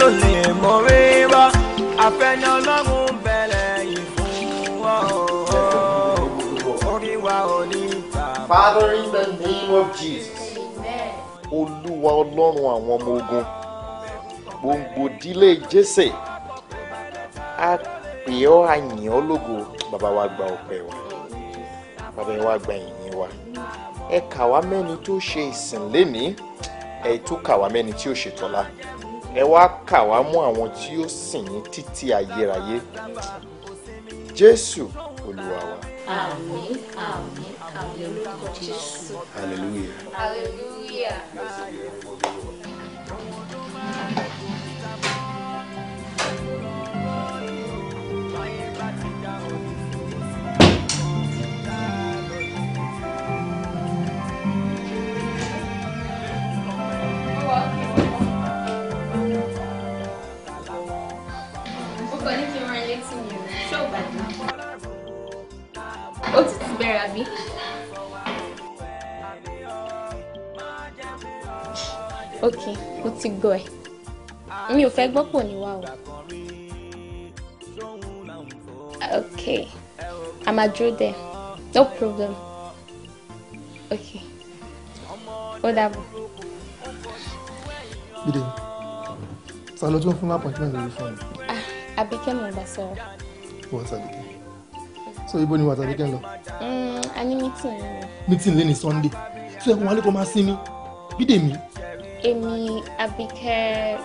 lónìí mọ̀ rí àfẹnà ọlọ́run bẹ̀rẹ̀ yìí fún orí wa ò ní Father in the name of Jesus olúwa ọlọ́run àwọn ọmọ ogun gbòǹgbòdílé jésè á pè ọ́ àyìn ọ́ lógo bàbá wa gba ọpẹ́ wa bàbá wa gba ìyìn wa ẹ kà wá mẹ́ni tó ṣe ìsìn lénìí ẹ tún kà wá mẹ́ni tí ó ṣe tọ́lá ẹ wá kà wá mọ́ àwọn tí ó sìn yín títí ayérayé jésù olúwa wa. àmín àmín àmín lórúkọ jésù. hallelujah. hallelujah. abẹ́rẹ́ àbí. ok mo ti gbọ́ ẹ mi ò fẹ́ gbọ́pọ̀ ní wa o ok a máa dúró dẹ no problem ok ó dàbọ̀. bídè sàlọ́ tí wọ́n fún lápò àti náà lórí fóònù. àbíkẹ́ ah, mo gbà sọ̀rọ̀. wọ́n sàbíkẹ́ so ibo ni wà tàbí kẹ́ ń lọ. Mm, a ní meeting lẹ́nu. meeting lẹ́nu sunday so ẹ̀kún wálé kó máa sinmi bídèmí. èmi Àbíkẹ́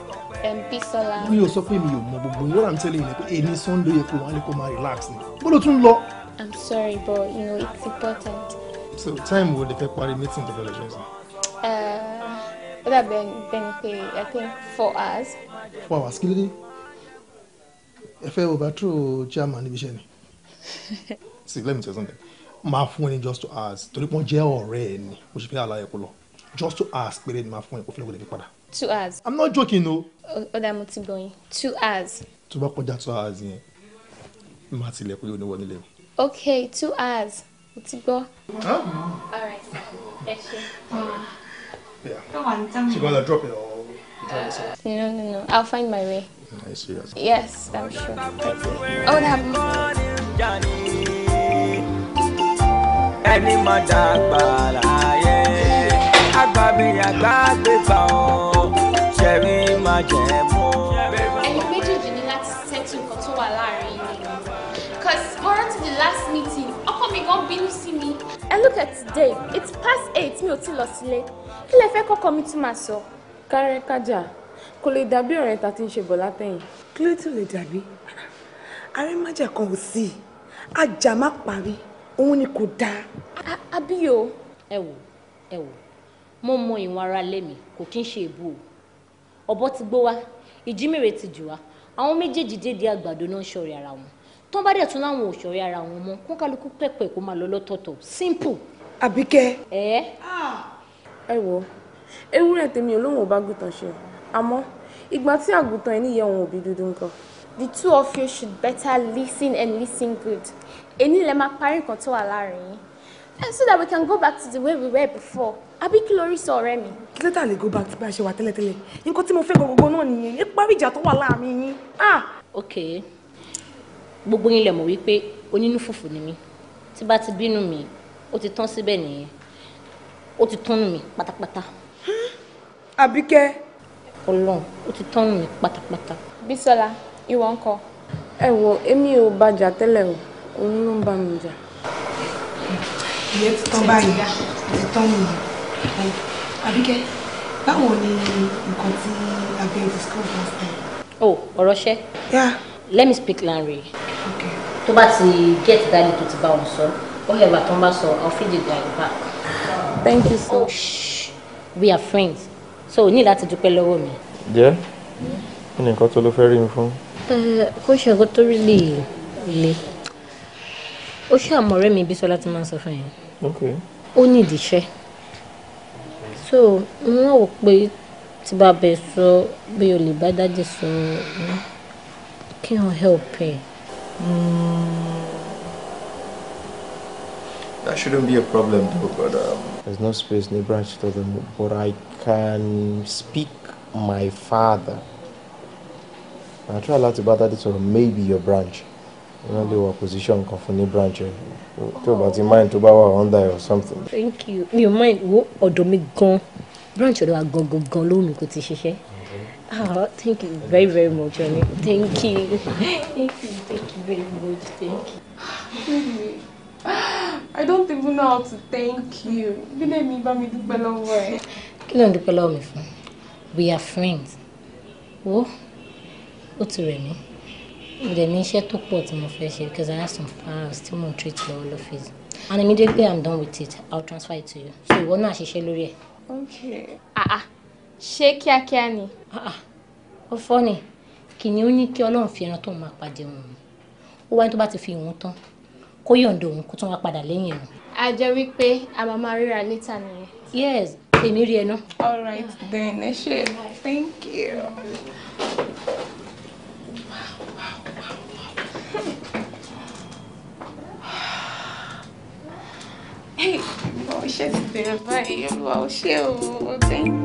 Bísọ́lá. mi ò sọ pé mi ò mọ gbogbo yín wọ́n à ń tẹ́lẹ̀ yìí pé èmi sunday yẹ kó wálé kó máa relax ni bó tún lọ. i'm sorry but you know it's important. so time wo lè fẹ́ parí meeting tó fẹ́ lọ ṣe uh, ó dàbí ẹni pé i think four hours. four hours kí ló dé ẹ fẹ́ overthrow chairman níbi iṣẹ́ ni see let me tell you something máa fún ẹni just to ask. torí pọ́n jẹ́ ọ̀rẹ́ ẹ ni mo ṣe fi àlàyé kó lọ just to ask, péré ni máa fún ẹ kó fi lọ́gbọ̀dẹ̀ fi padà. two hours. i'm not joking o. ọ̀dà mo ti gbọ̀yìn two hours. tó bá kọjá two hours yẹn má tilẹ̀ pé oníwọ̀ nílé o. ok two hours mo ti gbọ́. ẹ ṣe. she gonna drop it or no no no i'll find my way. are yes i'm sure. oh that ajá ni ẹni máa dàgbà láàyè àgbà mi àgbà gbégbá ọ ṣẹ̀rí máa jẹ mọ́. ẹ̀yin méjèèjì ní láti ṣẹ́tù nǹkan tó wà láàrin yìí cause mo rántí the last meeting ọkọ mi gan bínú sí mi. and look at today it's past eight mi ò tí lọ sílé kí lẹ fẹ́ kọ́kọ́ mi tún máa sọ. kárẹ́ kájà kò lè dàbí ọ̀rẹ́ ta ti ń ṣe bọ̀ látẹ̀yìn. kí ló tún lè dàbí arémájà kan ò sí i ajá má parí òun ni kò dáa. àbí o ẹ wò ẹ wò mo mọ ìwọn ara lẹ́mi kò kí n ṣe èbú o ọ̀bọ ti gbó wa ìjímèrè ti jù wá àwọn méjèèjì dédé àgbàdo náà ṣọ̀rẹ́ ara wọn tó bá dẹ̀ tún láwọn ò ṣọ̀rẹ́ ara wọn mọ́ kó kálukú pẹ̀pẹ̀ kó máa lọ lọ́tọ̀ọ̀tọ̀ simple. àbíkẹ́. ẹ ẹ. Ah! ẹ wò ewúrẹ́ tèmi ò lóun ò bá gùtàn ṣe àmọ́ ìgbà tí àgùtàn ẹ̀ níyẹ̀ òun òbí dúdú nǹkan the two of you should better listen and listen good. Eni lè máa parí nǹkan tó wà láàrin yín. so that we can go back to the way we were before. Abi kí lórí sọ ọ̀rẹ́ mi. Kí lẹ́tà lè go back to bí a ṣe wà tẹ́lẹ̀tẹ́lẹ̀. Nǹkan tí mo fẹ́ gbogbo náà nìyẹn. Ẹ parí ìjà tó wà láàrin yín. Ah! Okay. Gbogbo yín lè mọ̀ wípé onínú fùfù ni mí. Tí bá ti bínú mi, ó ti tán síbẹ̀ nìyẹn. Ó ti tán nù mí pátápátá. Àbíkẹ́. Ọlọ́run, ó ti tán nù mí pátápátá. Bísọ́lá ìwọ ńkọ́. ẹ wo èmi ò bàjà tẹ́lẹ̀ o òun ló ń bá mi jà. ìyẹn ti tán báyìí ti tán nìyẹn àbíkẹ́ báwo ni nǹkan tí abẹ́ discuss last time. oh ọ̀rọ̀ ṣẹ́. yeah. let me speak Lanre. okay. tó bá ti get dáàlì tó ti bá òun sọ ó yẹ bàtọ́ bá sọ i'll feed you guys back. thank you so much. we are friends so o ní láti dúpẹ́ lọ́wọ́ mi. jẹ́ kí ni nǹkan tó ló fẹ́ rí mi fún kó ṣe tó rí lè le ó ṣe àmọ́ ọ̀rẹ́ mi Bísọ́lá ti máa ń sọ fún yẹn ó nídìí iṣẹ́ so wọ́n wò pé tí bá bẹ̀ sọ bí o lè bá dájú sọ kí wọ́n help ẹ̀. Hmm. That shouldn't be a problem though, but um, There's no space in the branch to them, but I can speak my father. I try láti bá dádì sọ̀rọ̀ maybe your branch wọ́n lè wà position kan fún ní branch rẹ̀ tó bá ti mind tó bá wà under or something. thank you mi mind wo ọ̀dọ̀ mi gan branch ọ̀dọ̀ wa gan gan gan lónìí kò ti ṣiṣẹ́ mm-hmm. ah thank you very very much thank you thank you thank you very much thank you. I don't even know how to thank you. Bílẹ̀ mi bá mi dúpẹ́ lọ́wọ́ ẹ̀. Kí ló ń dúpẹ́ lọ́wọ́ mi fún? We are friends. Wo? Oh ó ti rẹ̀ mí mo dẹ̀ ní iṣẹ́ tó pọ̀ tí mo fẹ́ ṣe because I have some files tí mo ń treat lọ́wọ́ lọ́fíìsì and immediately I'm done with it I'll transfer it to you so ìwọ náà ṣiṣẹ́ lórí ẹ̀. Ah, ah. ṣé kíákíá ni. Ah, ó fọ́ ni kìnìún ní kí ọlọ́run fi ẹran tó máa pàdé òun ó wáyé tó bá ti fi ìhun tán kó yọ̀ǹda òun kó tún wá padà lẹ́yìn ẹ̀rùn. a jẹ́ wípé a máa máa ríra níta nìyẹn. yes èmi rí ẹ náà. all right then ẹ ṣe thank you. Olúwa ó ṣe ti bẹ̀rẹ̀ báyìí, Olúwa ó ṣe o, thank you.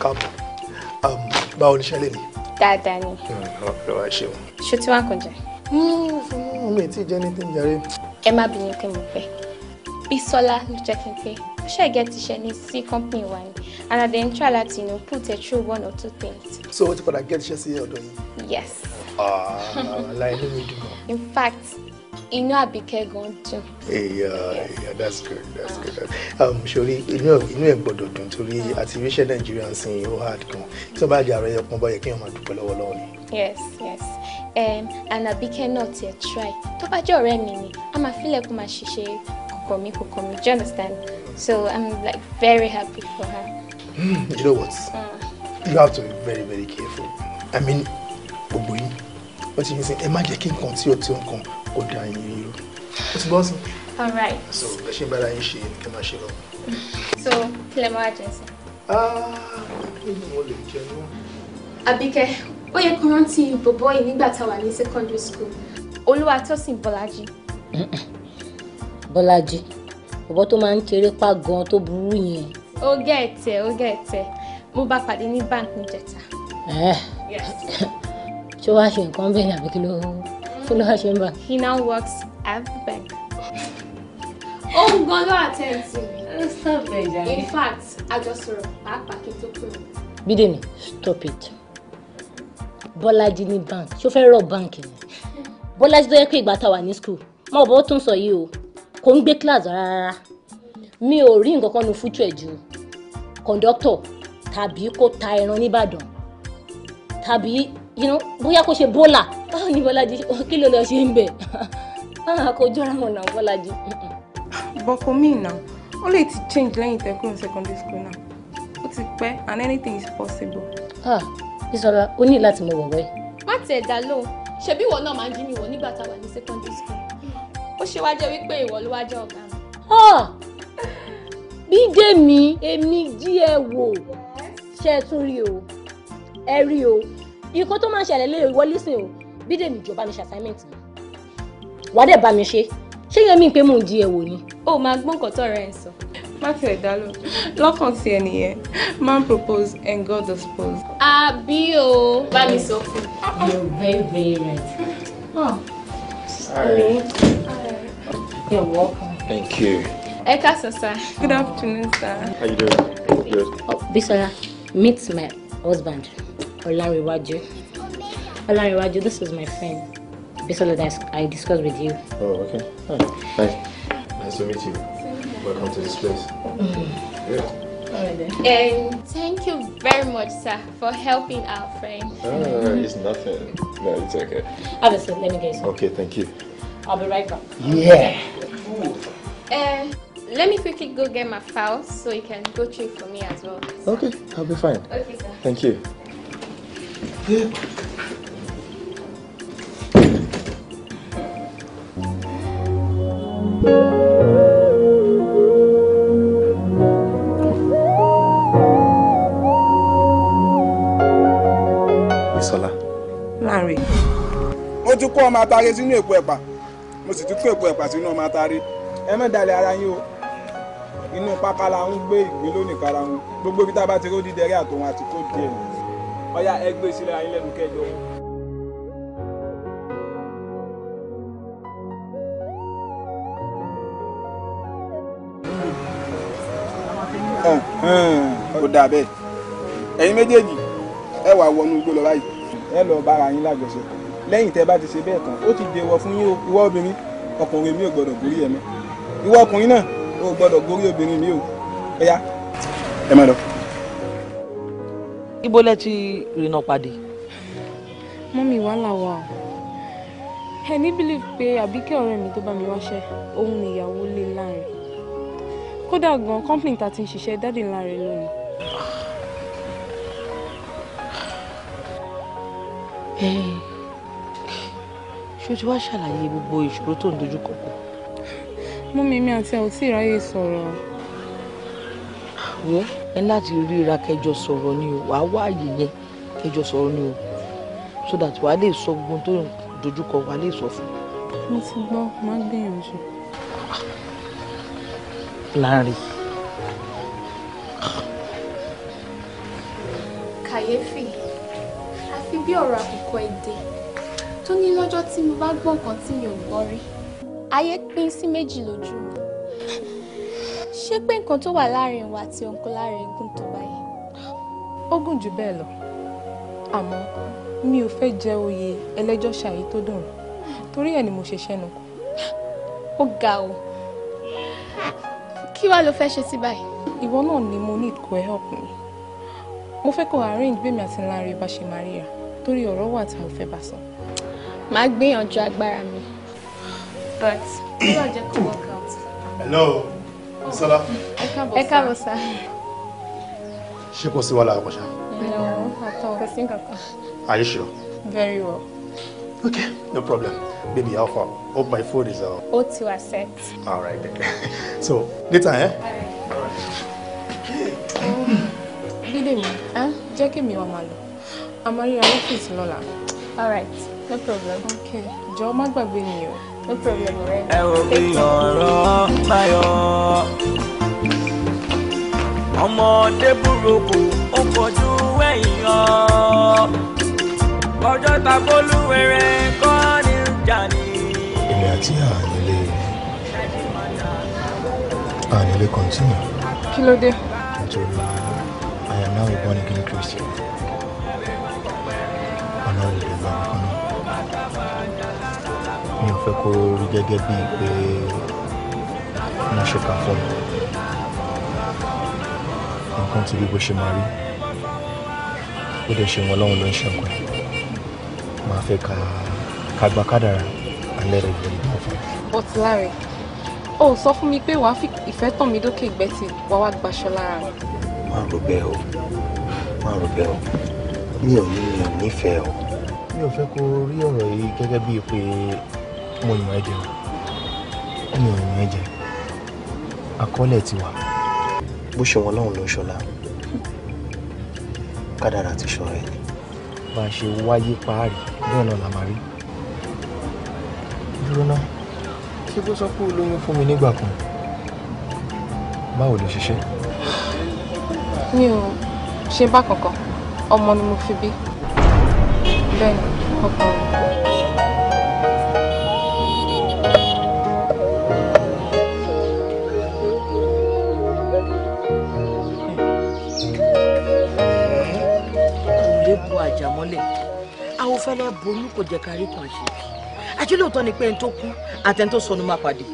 Káàbọ̀, um, báwo ni ṣẹlẹ̀ ni? Dáadáa ni. Olúwa ṣe o. Ṣé tí wàá kàn jẹ? Ọmọ ètí ìjẹ́ ní tí ń jẹrẹ. Ẹ má bínú pé mo pẹ́. Bísọ́lá ló jẹ́ kí n pé share get iṣẹ́ ní sí company wa ni and i dey try láti you know put her through one or two things. so what ti padà get iṣẹ́ sí ọ̀dọ̀ yìí. yes. Ah, láì ní mi dùn. in fact you know, I inú àbíkẹ́ gan dùn. Eh, yeah that's good that's good um, you know, sori inú inú ẹ gbọ́dọ̀ dùn torí àti iléeṣẹ́ nàìjíríà ń sin ó hard gan tí wọ́n bá jẹ ààrẹ ọpọ́n báyẹn kí wọ́n máa dúpẹ́ lọ́wọ́lọ́wọ́ ni. yes yes um, and I àbíkẹ́ not tiẹ̀ try tó bá jẹ́ ọ̀rẹ́ mi ni a feel like kó máa ṣiṣẹ́ kọ̀kọ̀ mi kọ̀kọ̀ mi do you understand. So I'm like very happy for her. Hmm, you know what? Mm. You have to be very, very careful. I mean, Obui, what you mean yín sí ẹ má jẹ́ kí nǹkan tí ó ti nǹkan kó da yín yín all right. so let's see ń bára yín ṣe ẹ máa ṣe lọ. so kí lè máa jẹ sí. Ah, kí ni mo lè jẹ náà. Àbíkẹ́ ó yẹ kó rántí bọ̀bọ̀ yìí nígbà tá a wà ní secondary school Olúwatósìn Bọ́lájí. Bọ́lájí. Mm -mm bọ̀bọ̀ tó máa ń kéré pa gan tó burú yẹn. ó gẹ́ ẹ̀tẹ̀ ó gẹ́ ẹ̀tẹ̀ mo bá pàdé ní bank níjẹta. Eh. ṣé wàá ṣe nǹkan bẹ́ẹ̀ ni àbí kí ló kí ló wá ṣe ń bà. he now works at the bank. ó ń gan lọ́wọ́ àtẹ̀ǹtì mi. stop ẹ̀ jàre. in fact àjọsọ̀rọ̀ pàápàá kí n tó kúrò. Bídèmí stop it Bọ́lájí ní bank ṣó fẹ́ rọ̀ báǹkì ni Bọ́lájí tó yẹ pé ìgbà tá a wà ní school mọ̀ bọ́ tó ń sọ yìí o kò ń gbé class rárá mi ò rí nǹkan kan nu fújú ẹ̀ ju kọ̀ǹdọ́tọ̀ tàbí kó ta ẹran nìbàdàn tàbí bóyá kó ṣe bólà báwo ni bọ́lájí kí ló lọ ṣe ń bẹ̀ ah, kó jọra wọn náà bọ́lájí. but for me now ó lè ti change lẹ́yìn tẹ́kùn secondary school náà ó ti pẹ́ and anything is possible. ah Bísọ́lá o ní láti mọ wọ̀wẹ́. má tiẹ̀ dá lóhùn ṣebí ìwọ náà máa ń jí mi wọ̀ nígbà táwa ní secondary school ó ṣe wá jẹ́ wípé ìwọ ló wá jẹ́ ọ̀gá mi. bídèmí èmi jí ẹ wò ṣe é tún rí o ẹ rí o ikú tó máa ṣẹlẹ̀ lé ìwọ lísìn o bídèmí ìjọba mi ṣe assignment mi wàá dẹ̀ bá mi ṣe ṣé yẹn mi pé mò ń jí ẹ wò ni. ó máa gbọ́n nǹkan tó ń sọ. má tiẹ̀ dá lọ lọ́kàn sí ẹ nìyẹn man propose and God dispose. àbí o bá mi sọ fún. you're very very right. Oh. You're welcome. Thank you. Eka Sasa, good afternoon, sir. How you doing? Good. Oh, Bisola, meet my husband, Olariwaju. Olariwaju, this is my friend. Bisola that I discussed with you. Oh, okay. Hi. Nice. Nice to meet you. Welcome to this place. Mm. Yeah. And thank you very much, sir, for helping our friend. Ah, it's nothing. No, it's okay. Obviously, let me get you. Okay, thank you. I'll be right back. Yeah. Uh, let me quickly go get my files so you can go check for me as well. Sir. Okay, I'll be fine. Okay, sir. Thank you. Yeah. Bisola. Láàrin. Mo ti kó ọmọ atare sínú èpo ẹ̀pà mo sì tún tó èpo ẹ̀pà sínú ọmọ atari ẹ má dalẹ̀ ara yín o inú pákálá ń gbé ìgbín lónìí kára wọn gbogbo ibi tá a bá ti ró dídẹrẹ àtòun àti kó díẹ̀ nù. ọ̀yá ẹ gbé sílẹ̀ ayé lẹ́nu kẹjọ. ó dà bẹ́ẹ̀ ẹ̀yin méjèèjì ẹ wà wọnú igbó lọ báyìí ẹ lọ bára yín lájọṣepọ̀ lẹ́yìn tẹ́ bá ti ṣe bẹ́ẹ̀ tán ó ti dèwọ̀ fún yín o ìwọ obìnrin ọkùnrin mi ò gbọ́dọ̀ gorí ẹ̀ mọ́ ọkùnrin náà ò gbọ́dọ̀ gorí obìnrin mi o ẹ̀yà ẹ má lọ. ibo lẹ ti rìnnà pàdé. mọ́mí wàhálà wà o ẹni believe pé àbíkẹ́ ọ̀rẹ́ mi tó bá mi wáṣẹ́ òun ni ìyàwó lé láàrin kódà gan company ta ti ń ṣiṣẹ́ dáàdì láàrin lónìí. Hey. Eh, ṣé o ti wá ṣàlàyé gbogbo ìṣòro tó ń dojú kọ kù. mú mi mi àti ẹ ò tí ì ráyè sọ̀rọ̀. wọ́n ẹ láti ríra kẹjọ sọ̀rọ̀ ni o wàá wá àyè yẹn kẹjọ sọ̀rọ̀ ni o so that wàá lè sọ gbogbo tó ń dojú kọ wàá lè sọ fún. mo ti gbọ́ má gbìyànjú. láàrin. kàyéfì àfi bí ọ̀rọ̀ àkùkọ èdè tó ní lọ́jọ́ tí mo bá gbọ́ nǹkan tí mi ò gbọ́ rí ayé pín sí méjì lójú mi ṣé pé nǹkan tó wà láàrin wa àti ọ̀nkọ́ láàrin egun tó báyìí. ó gùn jù bẹ́ẹ̀ lọ àmọ́ mi ò fẹ́ jẹ oyè ẹlẹ́jọ́ ṣàyí tó dùn torí ẹ̀ ni mo ṣe ṣẹ́nu. ó ga o kí wàá lo fẹ́ ṣe sí báyìí. ìwọ náà ni mo ní ìkó ẹ help mi mo fẹ́ kó arrange bẹ́ẹ̀ mi àti láàrin bá ṣe máa ríra torí ọ̀rọ̀ wà tá a fẹ́ bá sọ. Màá gbìyànjú agbára mi. But ó lọ jẹ́ kó work out. Hello, Sọlá. Ẹ káàbọ̀ sá. Ṣé kò sí wàhálà àkọ́ṣá? No, àtọ̀ kò sí nǹkan kan. Are you sure? Very well. Okay, no problem. Baby, how far? Hope my food is out. Uh... O ti wa set. All right then. so, later, eh? All right. Bídèmí, eh? jẹ́ kí mi wà máa lọ. Àmọ́ ríra lọ́fíìsì lọ́la. All right no problem. okay jọ̀ọ́ má gbàgbé mi o no problem rẹ. ẹ wo bí ọ̀rọ̀ báyọ̀ ọmọdé burúkú ó fojú wẹ̀yìn ọ́ ọjọ́ ta bolúwẹ̀rẹ̀ kọ́ ní ìjà ni. èmi àti ànílé ànílé kọ́ńtínù. kí ló dé. nítorí I am now a born again Christian I'm not bá mi kọ́nà mi ò fẹ́ kó rí gẹ́gẹ́ bíi pé mo ṣe kà fún mi nǹkan tí gbogbo ṣe máa rí ó dẹ̀ ṣe wọn lọ́wọ́ ló ń ṣe nǹkan máa ka kagbá kádàrá alẹ́ rẹ̀ lórí ọ̀fọ̀. but Larry o sọ fún mi pé wàá fi ìfẹ́ tàn mí dókè ìgbẹ́sì wàá wá gbaṣọ lára mi. má rò bẹ́ẹ̀ o má rò bẹ́ẹ̀ o mi ò ní mi ò nífẹ̀ẹ́ o. mi ò fẹ́ kó rí ọ̀rọ̀ yìí gẹ́gẹ́ bíi pé mo yàn ẹ́ jẹ o mi ò yàn ẹ́ jẹ àkọọ́lẹ̀ ti wà bó ṣe wọn lọ́hùn ló ń ṣọlá kádàrà ti ṣọ rẹ ni. bá a ṣe wáyé paárì bẹ́ẹ̀ náà la máa rí dúró náà ṣé bó sọ pé o lóyún fún mi nígbà kan báwo ló ṣiṣẹ́. mi ò ṣe bá kankan ọmọ ni mo fi bí bẹ́ẹ̀ ni ọkọ mi. fẹ́lẹ́ boyún kò jẹ́ kárí kan ṣe bí àti lóòótọ́ ni pé ẹni tó kú àtẹni tó sọnù máa pàdé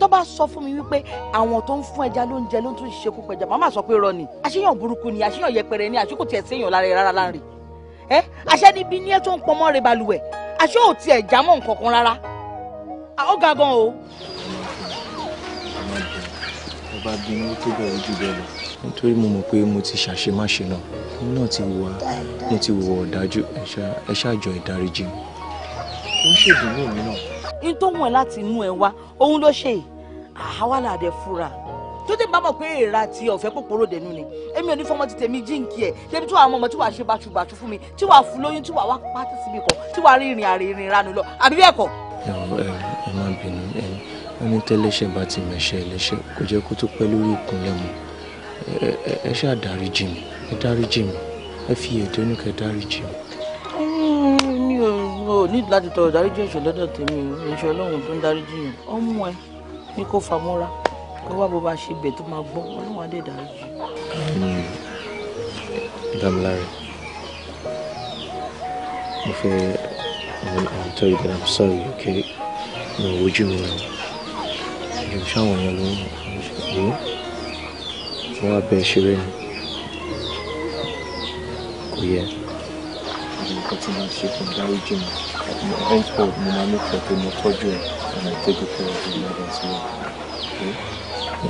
tó bá sọ fún mi wípé àwọn tó ń fún ẹja ló ń jẹ ló ń tún ṣekú pẹja màmá sọ pé rọni àṣeyàn burúkú ni àṣeyàn yẹpẹrẹ ni àṣekù tiẹ̀ séèyàn lára rárá láàrin ẹ àṣẹ níbi ní ẹ tó ń pọnmọ́ rẹ balùwẹ̀ àṣẹ ò tiẹ̀ já mọ́ nǹkan kan rárá ó ga gan o. ọba bínú tó bẹ̀rẹ̀ jù bẹ́ẹ̀ lọ nítorí mo mọ̀ pé mo ti ṣàṣemáṣe náà mo náà ti wà mo ti wọ ọ̀dájú ẹ ṣáàjọ ìdáríjì ó ń ṣèdùnnú mi náà. n tó wọ̀n láti mú ẹ wá ohun ló ṣe àwa là dé fura tó dé bá mọ̀ pé èèrà ti ọ̀fẹ́ pòpòrò dẹnu ni èmi ò ní fọmọ ti tèmi jíǹkì ẹ̀ débi tí wàá mọ ọmọ tí wàá ṣe bàṣubàṣu fún mi tí wàá fún lóyún tí wàá wá pátí síbi kan tí wàá rí ìrìn àrìnrìn ranu lọ àbí bẹ́ẹ̀ kọ́. ẹ má bínú ẹni tẹ́lẹ́ṣẹ̀ bá ti mẹ̀ṣẹ̀ ẹlẹ́ṣẹ̀ kò jẹ́ kó tó pẹ́ lórí ìkúnlẹ̀ mọ́ ẹ ṣáà dáríjì mi ẹ dáríjì mi ẹ fi ètò inú kẹ dáríjì mi. mi ò ní láti tọrọ dáríjì ẹ̀ṣẹ̀ lọ́dọ̀ tèmi ẹ̀ṣẹ̀ ọlọ́run tó ń dáríjì yẹn ọmọ ẹ ní kó famọ́ra kó wá bó bá ṣe bẹ̀ tó máa gbọ́ ọlọ́run á dé dáríjì. Damilare, mo fẹ́ I'm telling you that I'm sorry, okay? No, would you mean? Ṣé àwọn èèyàn ló ń ṣe é? kí you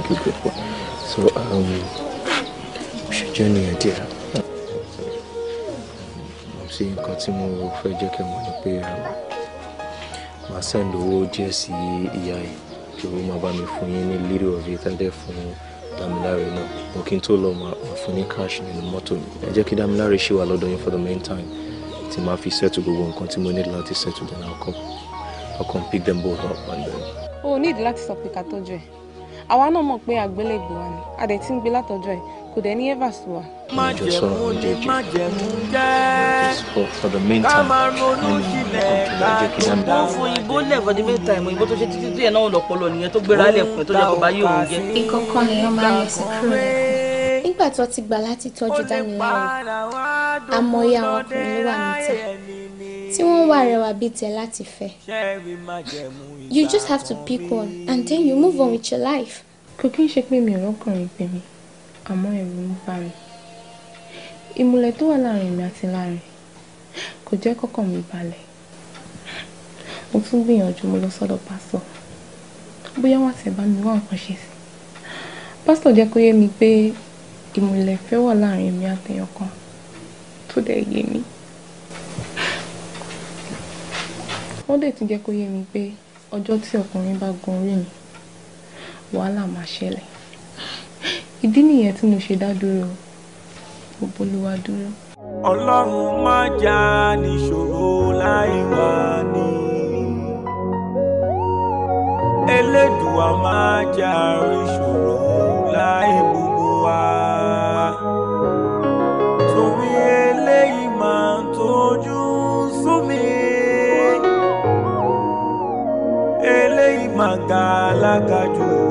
good boy. So, um, we should journey here, dear. Mo sì nǹkan tí mo fẹ́ jẹ́ kẹ́ mọ̀ ni pé màá send owó díẹ̀ sí ìyá yìí kí ó máa bá little of it and then fún Damilare náà mo kí n tó lọ máa fún ní cash nínú mọ́tò mi ẹ jẹ́ kí Damilare ṣì wà lọ́dọ̀ yín for the meantime tí máa fi settle gbogbo nǹkan tí mo need láti settle then I'll come I'll come pick them both up and then. o need láti sọ pé ká tọ́jú àwa náà mọ̀ pé àgbélébùú wa ni a dẹ̀ ti ń gbé látọjọ́ ẹ̀ kò dẹ̀ ní ever sùn wa. má jẹ̀mú ni má jẹ̀mú jẹ́ ká máa ronú jinlẹ̀ ká tó bọ́ fún igbó lẹ̀ for the meantime igbó tó ṣe títí tó yẹ náà lọ́pọlọ nìyẹn tó gbéra lẹ̀ tó jẹ́ kó bá yé òun jẹ́. ni wọ́n máa yọ sí kúrò nígbà tó ti gbà láti tọ́jú dánilárò tí wọ́n wà rẹwà bíi tẹ̀ láti fẹ́. You just have to pick one and then you move on with your life. Kò kí n ṣe pé mi ò rọ́kùnrin pè mí, àmọ́ ẹ̀rù ń bà mí. Ìmùlẹ̀ tó wà láàrin mi àti láàrin kò jẹ́ kọ́kàn mi balẹ̀. Mo tún gbìyànjú mo lọ sọ́dọ̀ pásọ̀. Bóyá wọ́n ti bá mi wá nǹkan ṣe sí. Pásítọ̀ jẹ́ kó yé mi pé ìmùlẹ̀ fẹ́ wà láàrin mi àtẹ̀yàn kan tó dẹ̀ yé mi. wọ́n dẹ̀ ti jẹ́ kó yé mi pé ọjọ́ tí ọkùnrin bá gun orí mi wàhálà máa ṣẹlẹ̀ ìdí nìyẹn tí mo ṣe dá dúró gbogbo ló wá dúró. ọlọ́run má já níṣòro láì wá ní elédùà má já ìṣòro láì gbogbo wa. máa ga alága jù.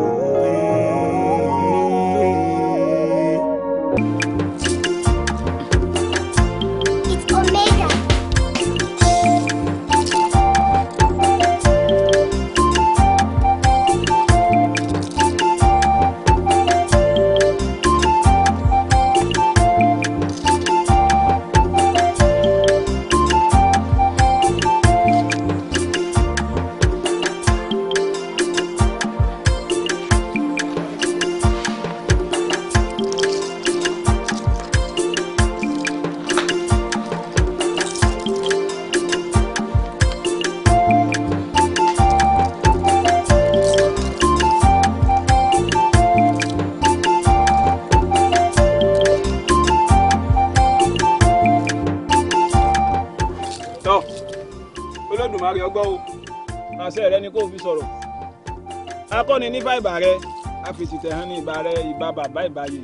ìbà rẹ a fi tìtẹ̀ hàn ní ìbà rẹ ìbà bàbá ìbà yìí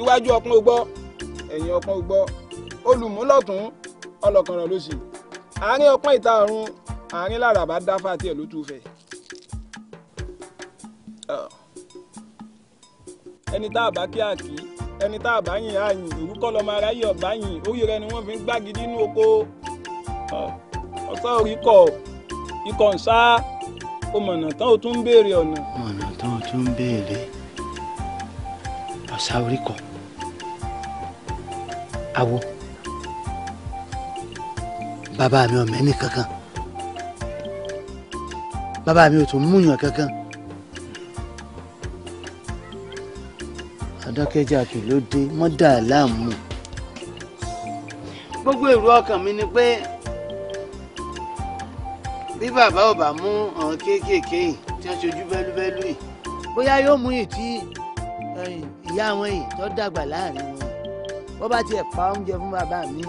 iwájú ọpọ́n gbọ́ ẹ̀yìn ọpọ́n gbọ́ olùmúlọ̀tún ọlọ́kànràn ló sì àárín ọpọ́n ìta ọ̀run àárín làràbà dáfà tiẹ̀ ló tún ẹni tá a bá kí a ẹni tá a bá yìn á ìlú kọ́ lọ́mọ aráyè ọ̀bá yìn orí rẹ ni wọ́n fi ń gbági nínú oko ọ̀sán orí kọ̀ ikọ̀ ń sáá o mọ̀nà tán o tún ń béèrè ọ̀nà. mọ̀nà tán o tún ń béèrè ọ̀sà orí kọ awo bàbá mi ò mẹ́ni kankan bàbá mi ò tún múyàn kankan adákẹ́jà kì ló dé mọ́ dà láàmú gbogbo èrò ọkàn mi ni pé. Pe bí bàbá ò bá mú àwọn kéékèèké yìí tí wọ́n ṣojú bẹ́lúbẹ́lú yìí bóyá yóò mú yìí tí eh, ìyá wọn yìí tó dàgbà láàrin wọn bó bá tiẹ̀ pa oúnjẹ fún bàbá mi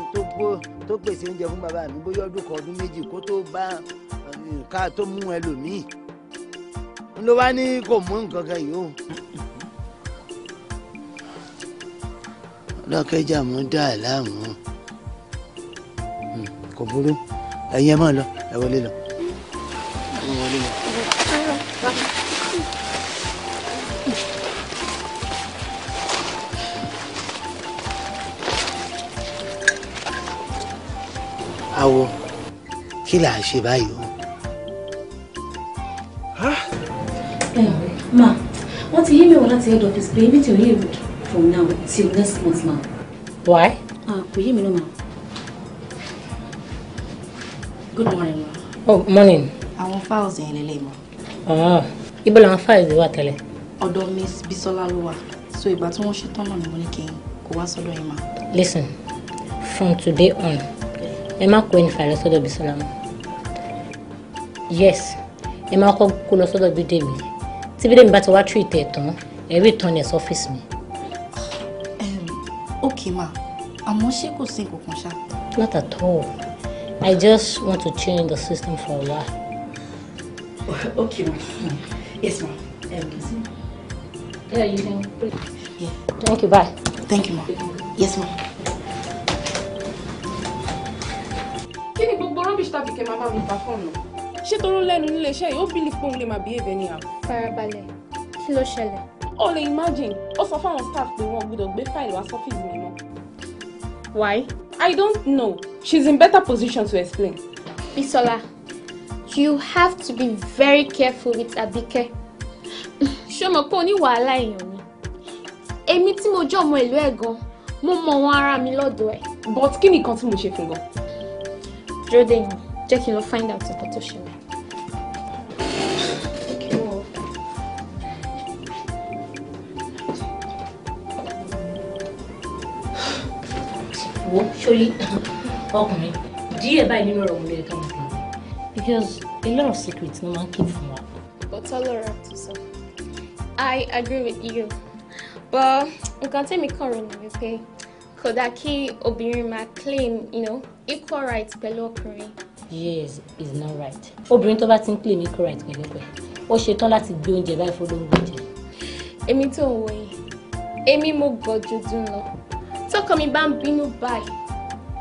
tó pèsè oúnjẹ fún bàbá mi bóyá ọdún kan ọdún méjì kó tó bá eh, ká tó mú ẹlòmíì ló wá ní kò mú nǹkan kan yìí o. lọ́kẹ́jà mú dà láàmú hmm, kò burú ẹ̀yin ẹ̀ máa lọ ẹ̀ wọlé lọ awo kí là á ṣe báyìí o. ma wọ́n ti yí mi wọ láti head office pé ibi tí ò ní èrò from now till next month ma. why. Ah, kò yé mi náà ma. good morning ma. oh morning àwọn files yẹn lélẹ̀ mọ́. Ah. ibo làwọn files wà tẹ́lẹ̀. ọ̀dọ̀ miss bisola ló wà so ìgbà tí wọ́n ṣe tán náà ni mo ní kí n kó wá sọ́dọ̀ yín mà. listen from today on ẹ má kó ẹni fàlẹ́ sọ́dọ̀ bisola mọ́ yes ẹ máa kọ́ kó lọ sọ́dọ̀ bídèmí tí bídèmí bá ti wá tú ìtẹ̀ tán ẹ rí ìtàn nẹ̀sọ́ ọ́fíìsì mi. ok ma àmọ́ ṣé kò sí nǹkan kan ṣá. not at all i just want to change the system for a while. Okay, ma'am. Yes, ma'am. Um, yeah, you can. Yeah. Thank you. Bye. Thank you, ma'am. Yes, ma'am. Kí ni gbogbo rubbish ta kìkẹ́ máa bá mi ta fọ́ọ̀nù? Ṣé toró lẹ́nu nílé iṣẹ́ yìí ó bí nípa òun lè máa behave anyhow? Farabalẹ̀, kí ló ṣẹlẹ̀? O lè imagine, ó sọ fáwọn staff pé wọ́n gbọ́dọ̀ gbé fáìlì wá sọ́fíìsì mi mọ́. Why? I don't know. She's in better position to explain. Bisola you have to be very careful with Abike ṣé o mọ̀ pé oní wàhálà èèyàn ni èmi tí mo jẹ́ ọmọ ìlú ẹ̀ gan mo mọ wọn ara mi lọ́dọ̀ ẹ̀. but kí nìkan tí mo ṣe fún gan. dúró dé yìí jẹ́ kí n lọ find out nǹkan tó ṣẹlẹ̀. wo sórí ọkùnrin díẹ̀ báyìí nínú ọ̀rọ̀ mi lè kàn because a lot of secrets no man keep from her. but ọlọ́rọ̀ to sọ i agree with you but nǹkan tẹ́mi kàn rò ní okay? kò that key obìnrin máa claim you know, equal rights below ọkùnrin. yes it's not right obìnrin tó bá claim equal rights below pẹ̀lú ọkùnrin ó ṣetán láti gbé oúnjẹ báyìí life jẹ. èmi tó Amy wò yìí Amy mo God you dùn lọ So come bá ń bínú báyìí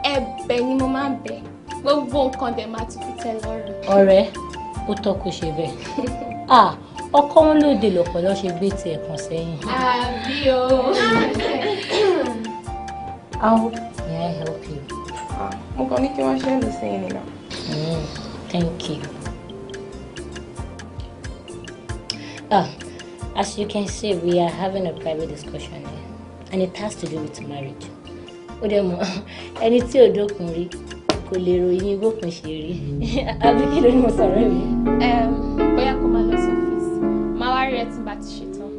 ẹ̀bẹ̀ ni mo máa ń bẹ̀ gbogbo nǹkan dẹ̀ máa ti fi tẹ́ lọ́rùn. ọ̀rẹ́ ó tọ́ kó ṣe bẹ́ẹ̀ ah, ọkọ wọn lóde lọpọlọ ṣe gbé tiẹ̀ kan sẹ́yìn. àbí o. how may I help you? Ah, mo kàn ní kí wọ́n ṣẹ́ẹ̀lì sẹ́yìn nìlọ. thank you. Ah, as you can see, we are having a private discussion here, and it has to do with marriage. Ó dẹ̀ mọ̀ ẹni tí ò dókun rí kò lè ròyìn gbókun ṣe rí àbí kí ló ní mo sọ̀rọ̀ mi. bóyá kó máa lọ sí ọ́fíìsì máa wá rí ẹ tí n bá ti ṣetán.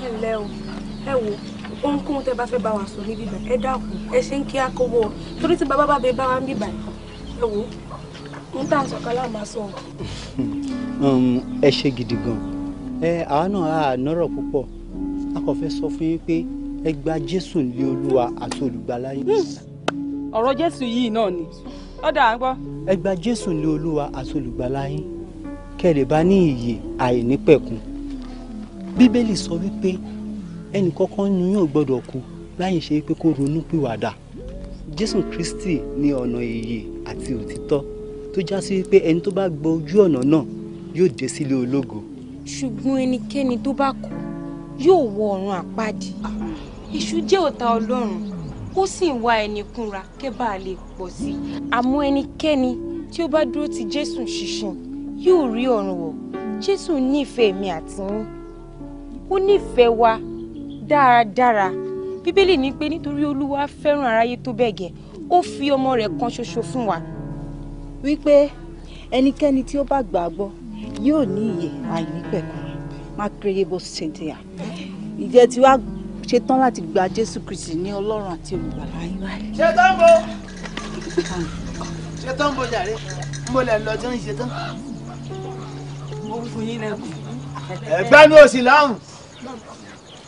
ẹ ǹlẹ́ o ẹ wo ohunkóhun tẹ bá fẹ́ bá wa sọ ní bíbá ẹ dákun ẹ ṣe ń kí á kó wọ torí tí bàbá bá bẹ bá wa ń bíbá ẹ wo ń tà sọ̀kan máa sọ. Um, ẹ ṣe gidi gan-an ẹ àwa náà á nọ́rọ̀ púpọ̀ a kò fẹ́ sọ fún yín pé ẹ gba jésù lé olúwa àti olùgbàlà yín. Hmm. ọ̀rọ̀ jésù yìí náà ni ó dà ń gbọ́. ẹ gba jésù lé olúwa àti olùgbàlà yín kẹ́ lè bá ní ìyè àìnípẹ̀kun bíbélì sọ wípé ẹnì kọ́kọ́ nu yóò gbọ́dọ̀ kú láyé ṣe pé kó ronú pìwàdà jésù kristi ni ọ̀nà ìyè àti òtítọ́ tó já sí wípé ẹni tó bá gba ojú ọ̀nà náà yóò dé sílé ológo. ṣùgbọ́n ẹnikẹ́ni tó bá kọ̀ yóò wọ ọ̀run àpáàdì ah. èṣù jẹ́ ọ̀tá ọlọ́run ó sì ń wá ẹni kúnra kẹ́ bá a lè pọ̀ sí i àmọ́ ẹnikẹ́ni tí ó bá dúró ti jésù ṣinṣin yóò rí ọ̀run wọ̀ jésù nífẹ̀ẹ́ mi àti yín ó nífẹ̀ẹ́ wa dáradára bíbélì ní pé nítorí olúwa fẹ́ràn aráyé tó bẹ́ẹ̀ gẹ́ ó fi ọmọ rẹ̀ kan ṣoṣo fún wa. wípé ẹnikẹ́ni tí ó bá gbàgbọ́ yóò ní ìyè àìnípẹ̀kun. Makerebo Cynthia ìjẹ́ tí wàá ṣetán láti gba Jésù Kristi ní Ọlọ́run àti olùgbàlà yín. ṣetán bo ṣetán bo jàre mo lè lọ tí ń ṣetán mo fún yín lẹ́kùn. ẹgbẹ́ ní òsì láhùn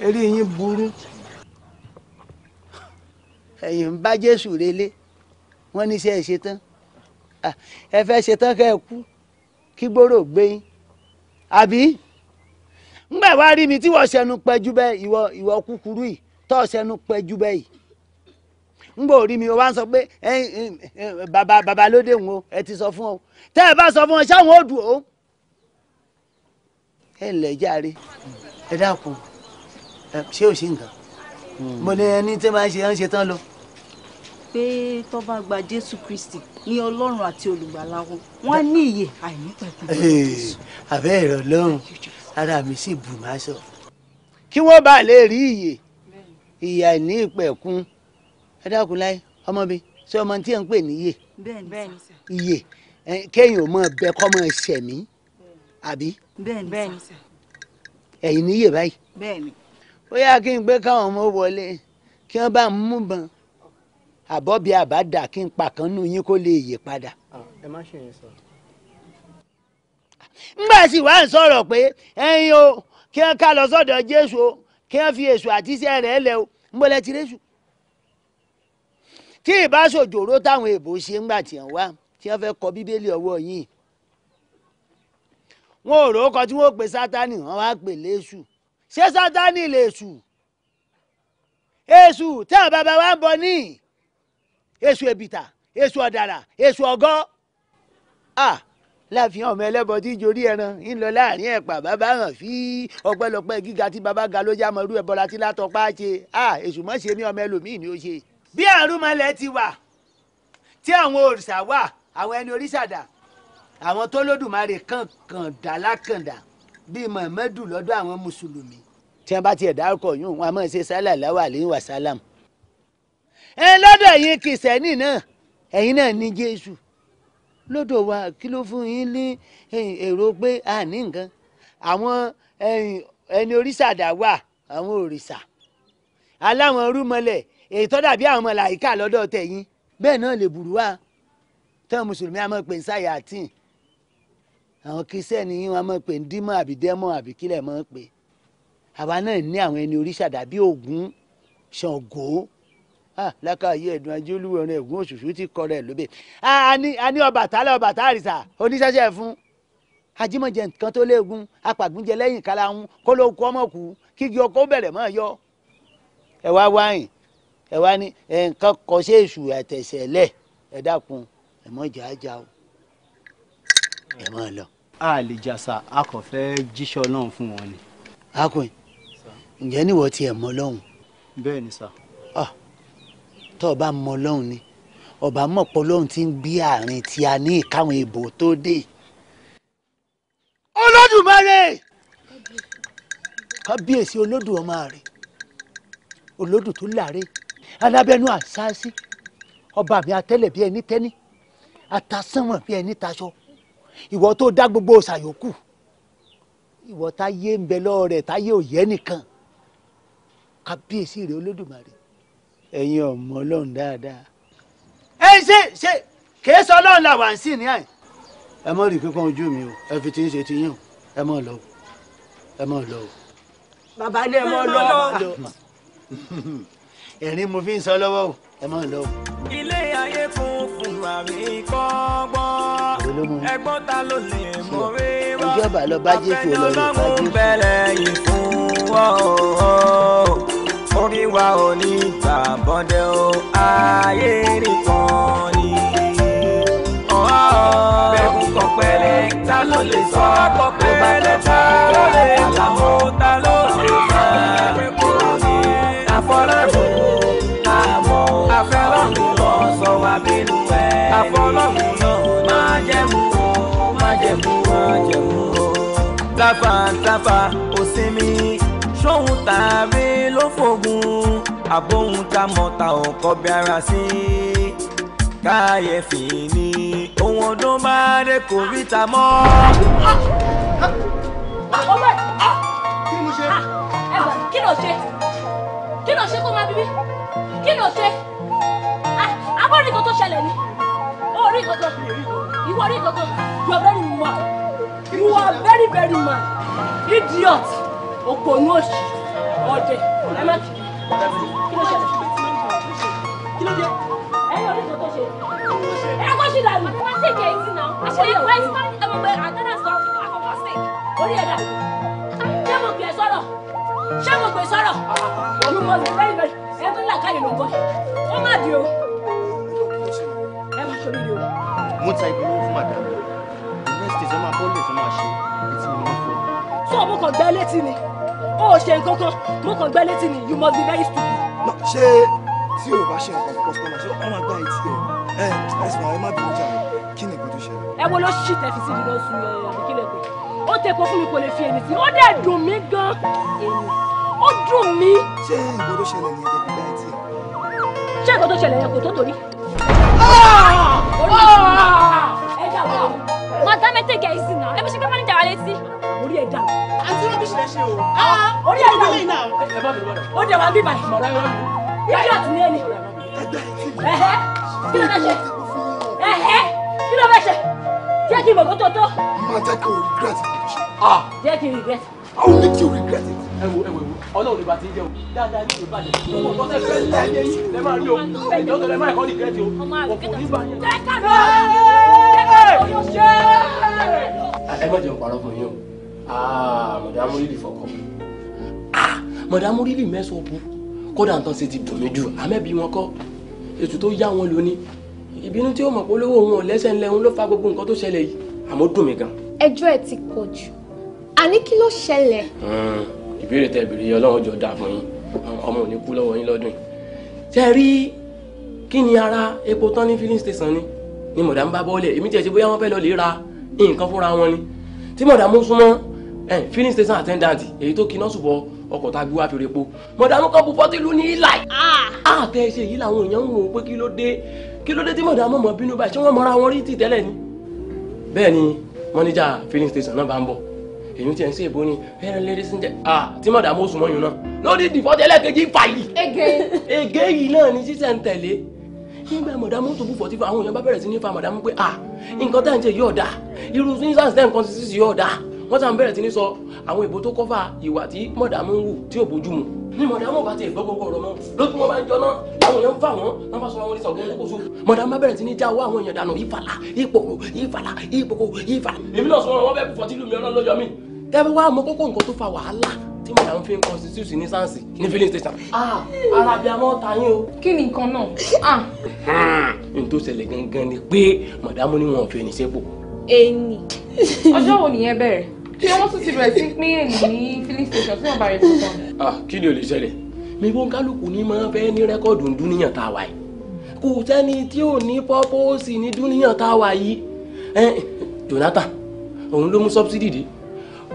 eré yín burú ẹ̀yin ń bá Jésù relé wọ́n ní sẹ́ ẹ̀ ṣetán ẹ fẹ́ ṣetán kẹ́ ẹ kú kí gbòòrò gbé yín àbí ngbà wá rí mi tí wọ́n ṣẹnu pẹ́jú bẹ́ẹ̀ ìwọ ìwọ kúkúrú yìí tọ́ ṣẹnu pẹ́jú bẹ́ẹ̀ yìí ngbà ò rí mi o wá ń sọ pé bàbá bàbá lóde òun o ẹ ti sọ fún ọ tẹ́ ẹ bá sọ fún ọ ṣáwọn ò dùn o ẹ ǹlẹ́ jàre ẹ dákun ṣé ò sí nǹkan mo ní ẹni tí máa ń ṣe ń ṣe tán lọ. pé tó bá gba jésù kristi ní ọlọ́run àti olùgbàlà wọn wọ́n ní ìyè àìní pẹ̀lú. àbẹ́ ìrọ̀lọ́run ara mi sì bù má sọ. kí wọ́n bá lè rí ìyè ìyà ní ìpẹ̀kun ẹ dákun láyé ọmọ mi ṣé ọmọ tí ẹ ń pè níyè ìyè kéèyàn ò mọ bẹ kọ́ mọ ṣẹ̀mí àbí. ẹ̀yin níyè báyìí ó yá kí n gbé káwọn ọmọ wọlé kí wọ́n bá ń mú bọn àbọ̀bí àbádà kí n pa kan nù yín kó lè yè padà. Ah, ẹ má ṣe yẹn sọ ńgbà sì wá ń sọ̀rọ̀ pé ẹ̀yin o kí wọ́n ká lọ sọ́dọ̀ jésù o kí wọ́n fi èṣù àti iṣẹ́ rẹ̀ lẹ̀ o ńbọ̀lẹ̀ ti rẹ́sù. tí ìbá táwọn èèbò ṣe ńgbà tí wọ́n wá tí wọ́n fẹ́ kọ bíbélì ọwọ́ yìí wọn ò rókọ tí wọn pè sátani wọn wá pè lẹ́ṣù ṣé sátani lẹ́ṣù èṣù tí àwọn bàbá wa ń bọ ní èṣù èbìtà èṣù ọ̀dàrà èṣù ọ̀gọ́ láàfin ọmọ ẹlẹ́bọ tí jorí ẹran ń lọ láàrin ẹ̀pà bàbá hàn fí ọpẹ́lọpẹ́ gíga tí bàbá ga ló já mọ irú ẹbọra tí látọpá ṣe à èṣù mọ́ ṣe mí ọmọ ẹlòmíì ni ó ṣe. bí àrùnmọ̀lẹ̀ ti wà tí àwọn òrìṣà wà àwọn ẹni oríṣàdá àwọn tó lódùmarè kankan dá lákàndá bíi mọ̀mọ́dù lọ́dọ̀ àwọn mùsùlùmí. tí wọ́n bá tiẹ̀ dárúkọ yún wọn a máa ṣe sálà láwà lẹ́yìn wàsálàmù. ẹ lọ́dọ̀ wa kí ló fún yín ní eh, èrò pé a ní nǹkan àwọn eh, ẹni oríṣàdá wà àwọn òrìṣà aláwọn rúmọlẹ̀ ètò dàbí àwọn màláíkà lọ́dọ̀ tẹ̀yìn bẹ́ẹ̀ náà lè burú wa tán mùsùlùmí a pè ń sáyà àtìn àwọn kìsẹ́ni yín wọn máa pè ń dímọ̀ àbí dẹ́mọ̀ àbí kílẹ̀ máa pè àwa náà ní àwọn ẹni oríṣàdá bíi Ògún Ṣàngó Ah, lákà yí ẹ̀dùn ajé olúwẹ̀rún ẹ̀gún òṣùṣù ti kọ́ rẹ̀ lóbè. a ní Ọbàtálá ọbàtà àrìsà oníṣẹ́ṣẹ́ fún ajímọ̀jẹ nǹkan tó léegun apàgúnjẹ lẹ́yìn kala ń kó ló kú ọmọ kú kígi ọkọ bẹ̀rẹ̀ mọ́ yọ. ẹ wá wáyìn ẹ wá ní nǹkan kọ sí èṣù àtẹ̀sẹ̀lẹ̀ ẹ dákun ẹ mọ̀ jà á jà o ẹ mọ̀ lọ. a lè jàsà a kò fẹ́ jíṣọ́ náà fún wọn ni. akun ǹjẹ́ níwọ̀ tiẹ̀ mọ́ lọ́hùn. bẹ́ẹ̀ ni sà tó o bá mọ ọlọ́run ni ọba mọ̀ pọ̀ ọlọ́run ti ń gbé àárín tí a ní ìkáwọn ìbò tó dé. olódùmarè kábíyèsí olódù ọmọ rẹ olódù tó láre alábẹ́nú àṣáṣí ọba mi atẹ́lẹ̀ bí ẹni tẹ́ni atasánwọ̀n bí ẹni taṣọ ìwọ tó dá gbogbo ṣàyókù ìwọ táyé ń bẹ lọ́ọ́ rẹ̀ táyé òyẹ́ nìkan kábíyèsí rẹ olódùmarè ẹ̀yin ọmọ ọlọ́run dáadáa. ẹ ṣe ṣe kìí sọ ọlọ́run làwọn à ń sìn ní àyè. ẹ mọ rí pípọ́n ojú mi o ẹ fi ti ń ṣe ti yín o ẹ mọ lọ o ẹ mọ lọ bàbá ní ẹ mọ lọ ẹ̀rín mo fi ń sọ lọ́wọ́ o ẹ mọ lọ ilé ayé fún fún kọ́gbọ́n ẹgbọ́n ta ló lè mọ rí wá ẹgbẹ́ bẹ̀rẹ̀ ìfún wọ́ọ̀ orí wa ò ní tàbọ̀dẹ̀ o ayé nìkan ni. bẹ́ẹ̀kú kan pẹ̀lẹ́ ta ló lè sọ kó bá tẹ̀ ta ló lè àlàmó ta ló lè sọ kó ní àfọlọ́run àmọ́ àfẹ́lọ́run lọ sọ ṣóhun tààrí ló fògùn àbóhun tá mọ̀ ta ò kọbi ara sí káyẹ̀fì ni ohun ọdún bá dé kò rí ta mọ́. ọwọ́ ẹ̀ kí ló ṣe. ẹ ah, gbà kí ló ṣe kí ló ṣe kó máa bíbí kí ló ṣe ah, abọ́rí nǹkan tó ṣẹlẹ̀ ni orí nǹkan tó ìwọ orí nǹkan tó you are very mad you are very very mad idiot òpònú òṣì ọ̀dẹ̀ ẹ má kí kí ló ṣẹlẹ̀ kí ló dé ẹ yọ oríṣi tó ṣe ẹ kó ṣì dànù. wọ́n ṣe kì í sí náà wọ́n ṣe é wáyé sí wọ́n ti gbàgbé àtẹ́rẹ́ sọ àkọ́kọ́ sí. orí ẹ̀dá ṣé mo gbé sọ̀rọ̀ ṣé mo gbé sọ̀rọ̀ òun mo lè fẹ́ ìbẹ̀rẹ̀ ẹ tó là káyè ló gbọ́ ó má di o ẹ má ṣe oríire o. mo ta ìgbìmọ̀ fún màdàmú next day ọmọ apọ́lọ̀ tó máa ṣe ètí mi ní fún. tó o mú kàn gbẹ́ létí ni o ò ṣe nǹkan kan mo kàn gbẹ́ létí ni you must be very stupid. ṣé tí o bá ṣe nǹkan kọ́sítọ́mà ṣé ọmọ àgbà yìí ti ẹ ẹ ẹsùn àwọn ẹ má bínú jà rẹ kí ni ìgbọ́dọ̀ ṣẹlẹ̀. ẹ wo ló ṣì tẹ̀ fi sí ìdílé oṣù ìkílẹ̀ pé ó tẹ epo fún mi kò lè fi èmi sí ó dẹ̀ dùn mí gan èmi ó dùn mí. ṣé ìgbọ́dọ̀ ṣẹlẹ̀ ni ẹ̀dẹ̀ gbígbá ẹ̀ tí ẹ̀. ṣé ìgbọ́dọ̀ ṣẹlẹ̀ yẹn kò tó torí. ó jẹ wá bíbá ìmọ̀ràn ẹ̀rọ mi idiot ni ẹni ẹ̀hẹ́ kí ló fẹ́ ṣe ẹ̀hẹ́ kí ló fẹ́ ṣe jẹ́ kí bòbó tó tó. máa jẹ́ kí o regret it. jẹ́ kí n regret. I will make you regret it. ẹ wo ẹ wo ọlọ́run ní bàtí ń jẹ o dáadáa ní ìlú ìbàdàn ọmọ ọ̀tọ́ tẹ fẹ́ ní ayé yìí lẹ máa rí o ẹ̀jẹ̀ ọ̀tọ̀ lẹ máa ẹ̀kọ́ regret o ọkọ̀ nígbà yẹn. ẹ má jẹun parọ́ fún yín o àmọ̀dá amúrídìí fọkàn mọ̀dàmú rírì mẹ́sàn ọ̀bù kódà nǹkan ṣe ti dùn mí jù àmẹ́bí wọn kọ́ ètò tó yá wọn lóní ìbínú tí ó mọ̀ pé olówó òun ò lẹ́sẹ̀ ńlẹ̀ òun ló fa gbogbo nǹkan tó ṣẹlẹ̀ yìí àmọ́ dùn mí gan. ẹjọ́ ẹ ti pọ̀ jù àní kí ló ṣẹlẹ̀. ìbéèrè tẹ ìbéèrè yẹn ọlọ́run jọ dà fún yín ọmọ ò ní kú lọ́wọ́ yín lọ́dún yìí. tẹ rí kí ni ara epo tán ní filling station ni ni mọ̀dàmú bá bọ́ọ̀lẹ̀ èmi tiẹ̀ ṣe bóyá wọ́n fẹ́ lọ lè ra nǹkan fúnra wọn ni tí mọ̀dàmú súnmọ́ filling station attendant èyí tó kiná ṣùgbọ́n ọkọ̀ tá a gbé wá fi repo mọ̀dàmú kan bu fọ́tí lù ní ìlà àtẹ ah. ṣe yìí làwọn èèyàn ń wò ó pé kí ló dé kí ló dé tí mọ̀dàmú mọ̀ bínú báyìí ṣé wọ́n mọra wọn rí tì tẹ́lẹ̀ ni. bẹ́ẹ̀ ni mọ́níjà filling station náà bá ń bọ̀ èmi tiẹ̀ ń ṣe ìbò ni ẹ̀rọ lẹ́rìí sí ń jẹ́ à ah, tí mọ̀dàmú ó sùn mọ́yún náà lórí dìfọ́tẹ́ lẹ́ẹ̀kejì fàyè. ege ege yìí náà ni ṣíṣẹ́ ń tẹ̀lé nígbà mọ̀dàmú tó bú fọ́tí fún àwọn èèyàn bá bẹ̀rẹ̀ sí ní fa mọ̀dàmú pé à ah, nǹkan tá ń jẹ yóò dáa irú instance ten constitution yóò dáa wọ́n sàn bẹ̀rẹ̀ sí ní sọ àwọn ìbò tó kọ́fà ìwà tí mọ̀dàmú ń wù tí ò bójú mu ní mọ̀dàmú bá ti gbọ́ gbogbo ọ̀rọ̀ mọ́ lójú wọn bá ń jọná àwọn èèyàn ń fà wọ́n wọ́n bá sọ wọn ní sọ̀gbọ́n kókóso mọ̀dàmú bá bẹ̀rẹ̀ sí ní já owó àwọn èèyàn dànù ìfàlà ìpòkò ìfàlà ìpòkò ìfàlà. èmi náà sọ wọn bẹ́ẹ̀ fọ́ tìlú mi ọlọ́run lọ́jọ́ mi. tẹ́bí wá mọ kókó nǹkan tó fa wàhálà tí mọ̀dàmú fi ń constitute ní sáǹsì ní filling station. arábíàmọ́ ta ni nǹkan náà. n tó ṣẹlẹ̀ ni pé wọn ò ẹni ọjọ́ wo nìyẹn bẹ̀rẹ̀ ṣé wọ́n tún ti bẹ̀rẹ̀ sí pín èlì ní filling station tí wọ́n bá rẹ̀ tó tán. Ah, kí ni ò lè ṣẹlẹ̀ mẹ́bí kálukú ní máa fẹ́ ní rẹ́kọ̀dù dúníyàn tá a wà yìí kò sẹ́ni tí ò ní pọ́pọ́ọ̀sì ní dúníyàn tá a wà yìí Jonathan òun ló mú subsidy dé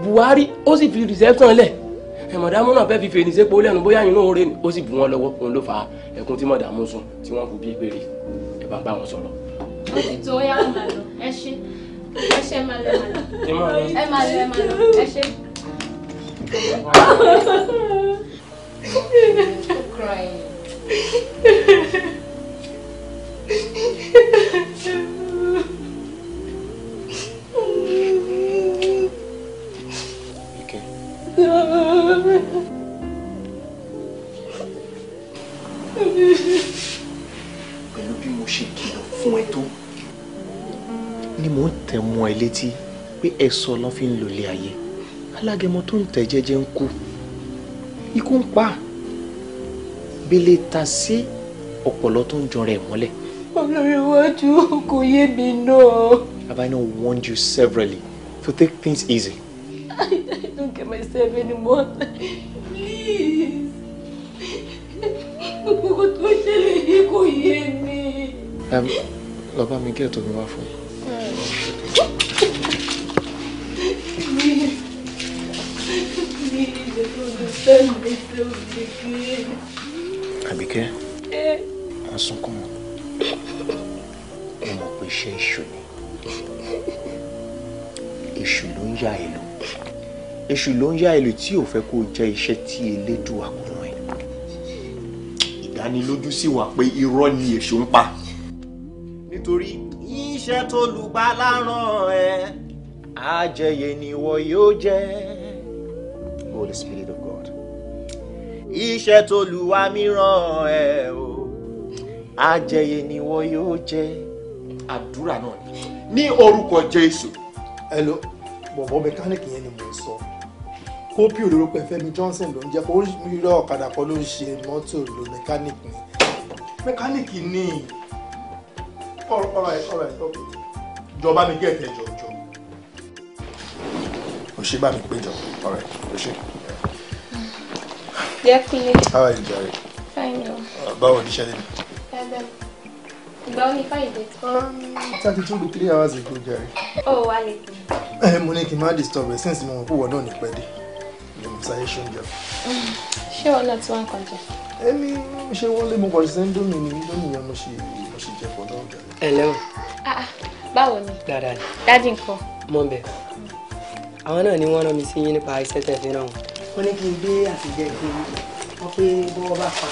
Buhari ó sì fi reception lẹ̀ mọ̀dámù náà fẹ́ fi fèrè níṣẹ́ pọ̀ lẹ́nu bóyá inú oore ni ó sì bù wọ́n lọ́wọ́ òun ló fa ẹkún tí mọ̀dámù sùn tí wọ́n kú bí péré ẹ̀ bá ń bá wọn sọ̀rọ̀. ó ti tó yá ọ̀nà ẹ ṣe ẹ ṣe ẹ máa lọ ẹ máa lọ ẹ ṣe. létí pé ẹ̀sọ́ ló fi ń lòlẹ̀ ayé alágẹmọ tó ń tẹ̀ jẹ́jẹ́ ń kú ikú ń pa bẹ́lẹ̀ ta sí ọ̀pọ̀lọ́ tó ń jọ rẹ̀ mọ́lẹ̀. olórí kò yé mi náà. Have I warned you severally to take things easy? I, don't get myself anymore. Please. Gbogbo tó ṣẹlẹ̀ yìí kò yé mi. Um, Lọ bá mi gẹ́ẹ̀tì omi wá fún mi. Abike. à ń sunkún mọ́ mo mọ̀ pé iṣẹ́ èṣù ni èṣù ló ń yá ìlú èṣù ló ń yá ìlú tí ò fẹ́ kó jẹ́ iṣẹ́ tí elédùn àkùnrin ẹ̀ ìdánilójú sì wà pé irọ́ ni èṣù ń pa nítorí iṣẹ́ tó lùgbàlà rán ẹ àjẹyẹ ni ìwọ yóò jẹ́. iṣẹ́ t'Olúwa mi ẹ o ajẹyẹ ni wọ́n yóò jẹ àdúrà náà ni ní orúkọ Jésù. ẹ ló bọ̀bọ̀ mẹkáníìkì yẹn ni mò ń sọ kópì òróró pé Johnson ló ń jẹ́ kó rírọ̀ ọ̀kadà kan ló ń ṣe mọ́tò ló mẹkáníìkì ni mẹkáníìkì ni ọ̀rọ̀ ẹ̀ ọ̀rọ̀ ẹ̀ ọ̀kẹ́ jọba mi gẹ̀ẹ́tẹ̀ jọjọ. òṣèbámi péjọ ọ̀rẹ́ òṣèbámi. Jẹ́ How are you, Jerry? Fine o. Uh, báwo ni iṣẹ́ lè mi? Dáadáa. Ìgbà wo ni Friday? Um, Thirty two to three hours ago, Jerry. Ó wà lẹ́kùn. Ẹ mo ní kí n disturb ẹ since mo mọ̀ pé ìwọ náà ní pẹ́ dé. Lè mo sáyé ṣoúnjẹ. Ṣé o náà ti wá nǹkan jẹ? Èmi ṣé wọlé mo kàn ṣe ń dún mi ní lónìí yẹn mo ṣe mo ṣe jẹ pọ̀ náà, Jerry. Ẹ lẹ́wọ̀n. Báwo ni? Dáadáa ni. Dádì nǹkan. Mọ̀ bẹ́ẹ̀. Àwọn náà wọ́n ní kí n gbé àtijọ́ ìfún mi wọ́n pé bọ́wọ́ bá pa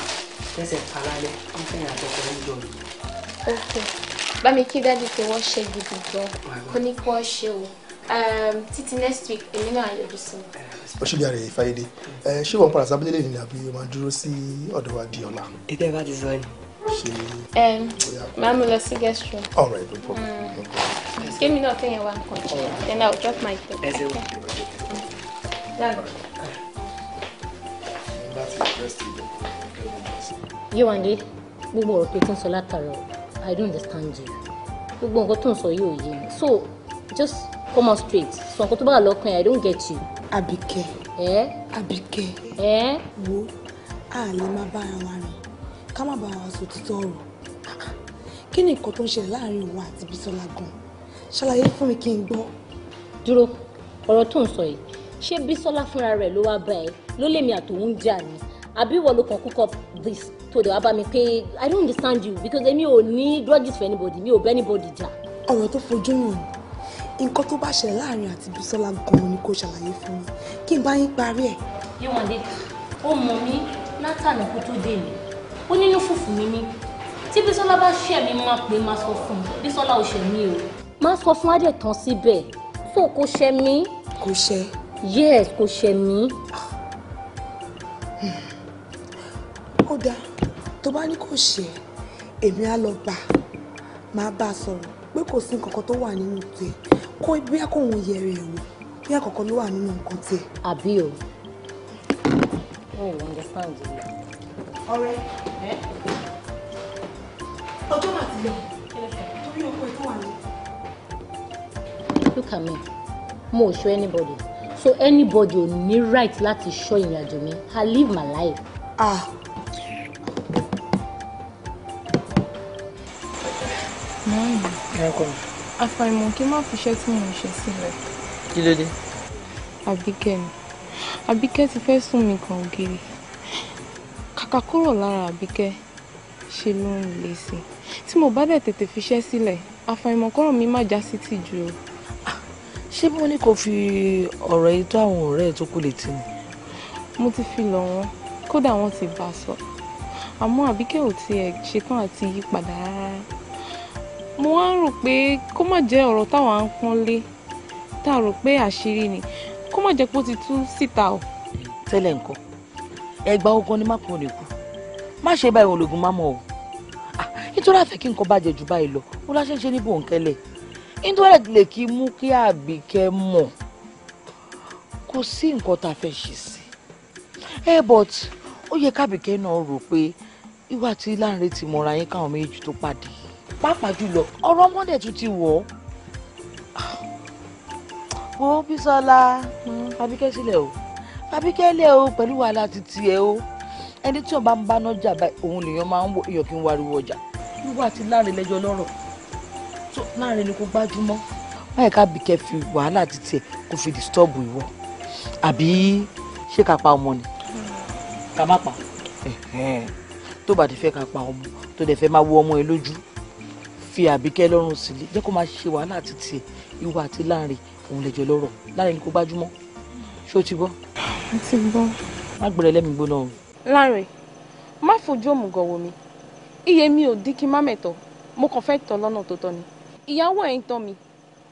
tẹ̀sẹ̀ pa lálẹ́ wọ́n fẹ́yìn àtọkọ níjọ yìí. ok bá mi kí dájú pé wọ́n ṣe gidi gan kó ní kí ṣe o ehm, títí next week èmi náà yọjú sí i. ọ̀ṣunjẹ́ rẹ̀ ìfáyédé ṣé wọ́n padà sábẹ́lẹ̀ lè nílẹ̀ àbí o máa dúró sí ọ̀dọ̀ wa di ọ̀la. ètò ẹ̀ bá ti sọ ni. Ehm, mú lọ sí guest room. all no mm. problem. give me náà kéèyàn wá nǹkan then i will drop my phone. Yéwándé gbogbo ọ̀rọ̀ pé tí sọ látàrọ I don't understand you gbogbo nǹkan tó ń sọ yóò yé mi so just come on straight So nǹkan tó bá wà lọ́kàn I don't get you. Àbíkẹ́ ẹ́ Àbíkẹ́ ẹ́ wo a lè má bára wa rìn ká má bára wa sọ títọ́ ọ̀rọ̀ kí ni nǹkan tó ń ṣẹlẹ̀ láàrin òun àti Bísọ́lá gan ṣàlàyé fún mi kí n gbọ́. dúró ọ̀rọ̀ tó ń sọ yìí ṣé Bísọ́lá fúnra rẹ̀ ló wá bá ẹ ló lèmi àtòun jà ni àbí ìwọ ló cook up this tó dẹ̀ wá bá i don't understand you because èmi ò ní grudges for anybody mi o bẹ́ anybody jà. ọ̀rọ̀ tó fojú hàn nǹkan tó bá ṣẹlẹ̀ láàrin àti Bísọ́lá gan-an ni kò ṣàlàyé fún mi kí n bá yín parí ẹ̀. Yéwándé ó mọ mi látànà kó tó dé mi ó nínú fùfù mi mi tí Bísọ́lá bá ṣẹ̀ mi máa pè máa sọ fún mi Bísọ́lá ò ṣẹ̀ mí o. má sọ fún adé tán síbẹ̀ fò kò ṣẹ̀ mí. kò ṣẹ̀. yes kò ṣẹ̀ mí. Ah. ó dáa tó bá ní kò ṣe èmi á lọ bá máa bá a sọ̀rọ̀ pé kò sí nǹkan kan tó wà nínú tiẹ̀ kó bí akóhun yẹrẹ ẹ̀ wò bí àkọ́kọ́ ló wà nínú nǹkan tiẹ̀. àbí o wọn ò understand o. ọ̀rẹ́ ọjọ́ máa ti lọ torí ọkọ ẹ̀ tó wà ní. look at me mo ò ṣọ́ anybody so anybody ò ní right láti ṣọ́ ìrìnàjò mi i live my life. ah àfàìmọ̀ kí n má fiṣẹ́ tí mò ń ṣe sílẹ̀. kí ló dé. àbíkẹ́ ni àbíkẹ́ ti fẹ́ sùn mí kan ògiri kàkà kúrò lára àbíkẹ́ ṣe ló ń le sí i tí mo bá dẹ̀ tètè fiṣẹ́ sílẹ̀ àfàìmọ̀ kọ́rọ̀ mi má já sí tìjú o. ṣé mo ní kó fi ọ̀rọ̀ yìí tó àwọn ọ̀rẹ́ ẹ̀ tó kù létí ni. mo ti fi lọ̀ wọ́n kódà wọ́n ti bá a sọ àmọ́ àbíkẹ́ ò tiẹ̀ ṣetán àti yí padà rárá mo wá ń rò pé kó má jẹ́ ọ̀rọ̀ táwa ń pọ́nlé tá a rò pé àṣírí ni kó má jẹ́ pé ó ti tú síta o. tẹ́lẹ̀ nǹkan ẹgbàá ogun ni má kú òní kú má ṣe báyìí ológun má mọ̀ o nítorí àfẹ́ kí nǹkan bàjẹ́ jù báyìí lọ ó láṣẹ ṣe ní bòńkẹ́lẹ̀ nítorí lè kí mú kí àbíkẹ́ mọ̀ kò sí nǹkan tá a fẹ́ ṣe sí ẹ but ó yẹ kábíkẹ́ náà rò pé ìwà tí láǹrẹ̀ ti mọ̀ra yín káwọn méjì tó pàdé yìí pàápàá jùlọ ọ̀rọ̀ ọmọdé tún ti wọ̀ ọ́. wo Bísọ́lá hmm, Fábíkẹ́ sílẹ̀ o Fábíkẹ́ lẹ̀ o pẹ̀lú wàhálà títí ẹ o ẹni tí wọn bá ń báná jà báyìí òun lèèyàn máa ń wọ èèyàn kí n wariwo ọjà wíwá àti láàrin lẹ́jọ́ lọ́rọ̀ tó láàrin ni kò gbájúmọ́ báyìí ká bìkẹ́ fi wàhálà títí ẹ kò fi dìstọ́ọ̀bù ìwọ àbí ṣé ká pa ọmọ ni ká má pa tó bá ti fẹ́ ká pa ọmọ tó dẹ̀ fẹ́ máa wo ọmọ ẹ lójú fi àbíkẹ́ lọ́rùn sílẹ̀ jẹ́ kó máa ṣe wàhálà àti tiẹ̀ ìwà àti láàrin òun lè lọ́rọ̀ láàrin ni kó gbájúmọ́ ṣé o ti gbọ́. mo ti gbọ́. má gbèrè lẹ́mìí gbóná o. láàrin má fojú òmùgọ̀ wò mí iye mi ò dín kí n má mẹ̀tọ́ mo kàn fẹ́ tọ́ lọ́nà tó tọ́ ni ìyàwó ẹ̀ ń tọ́ mi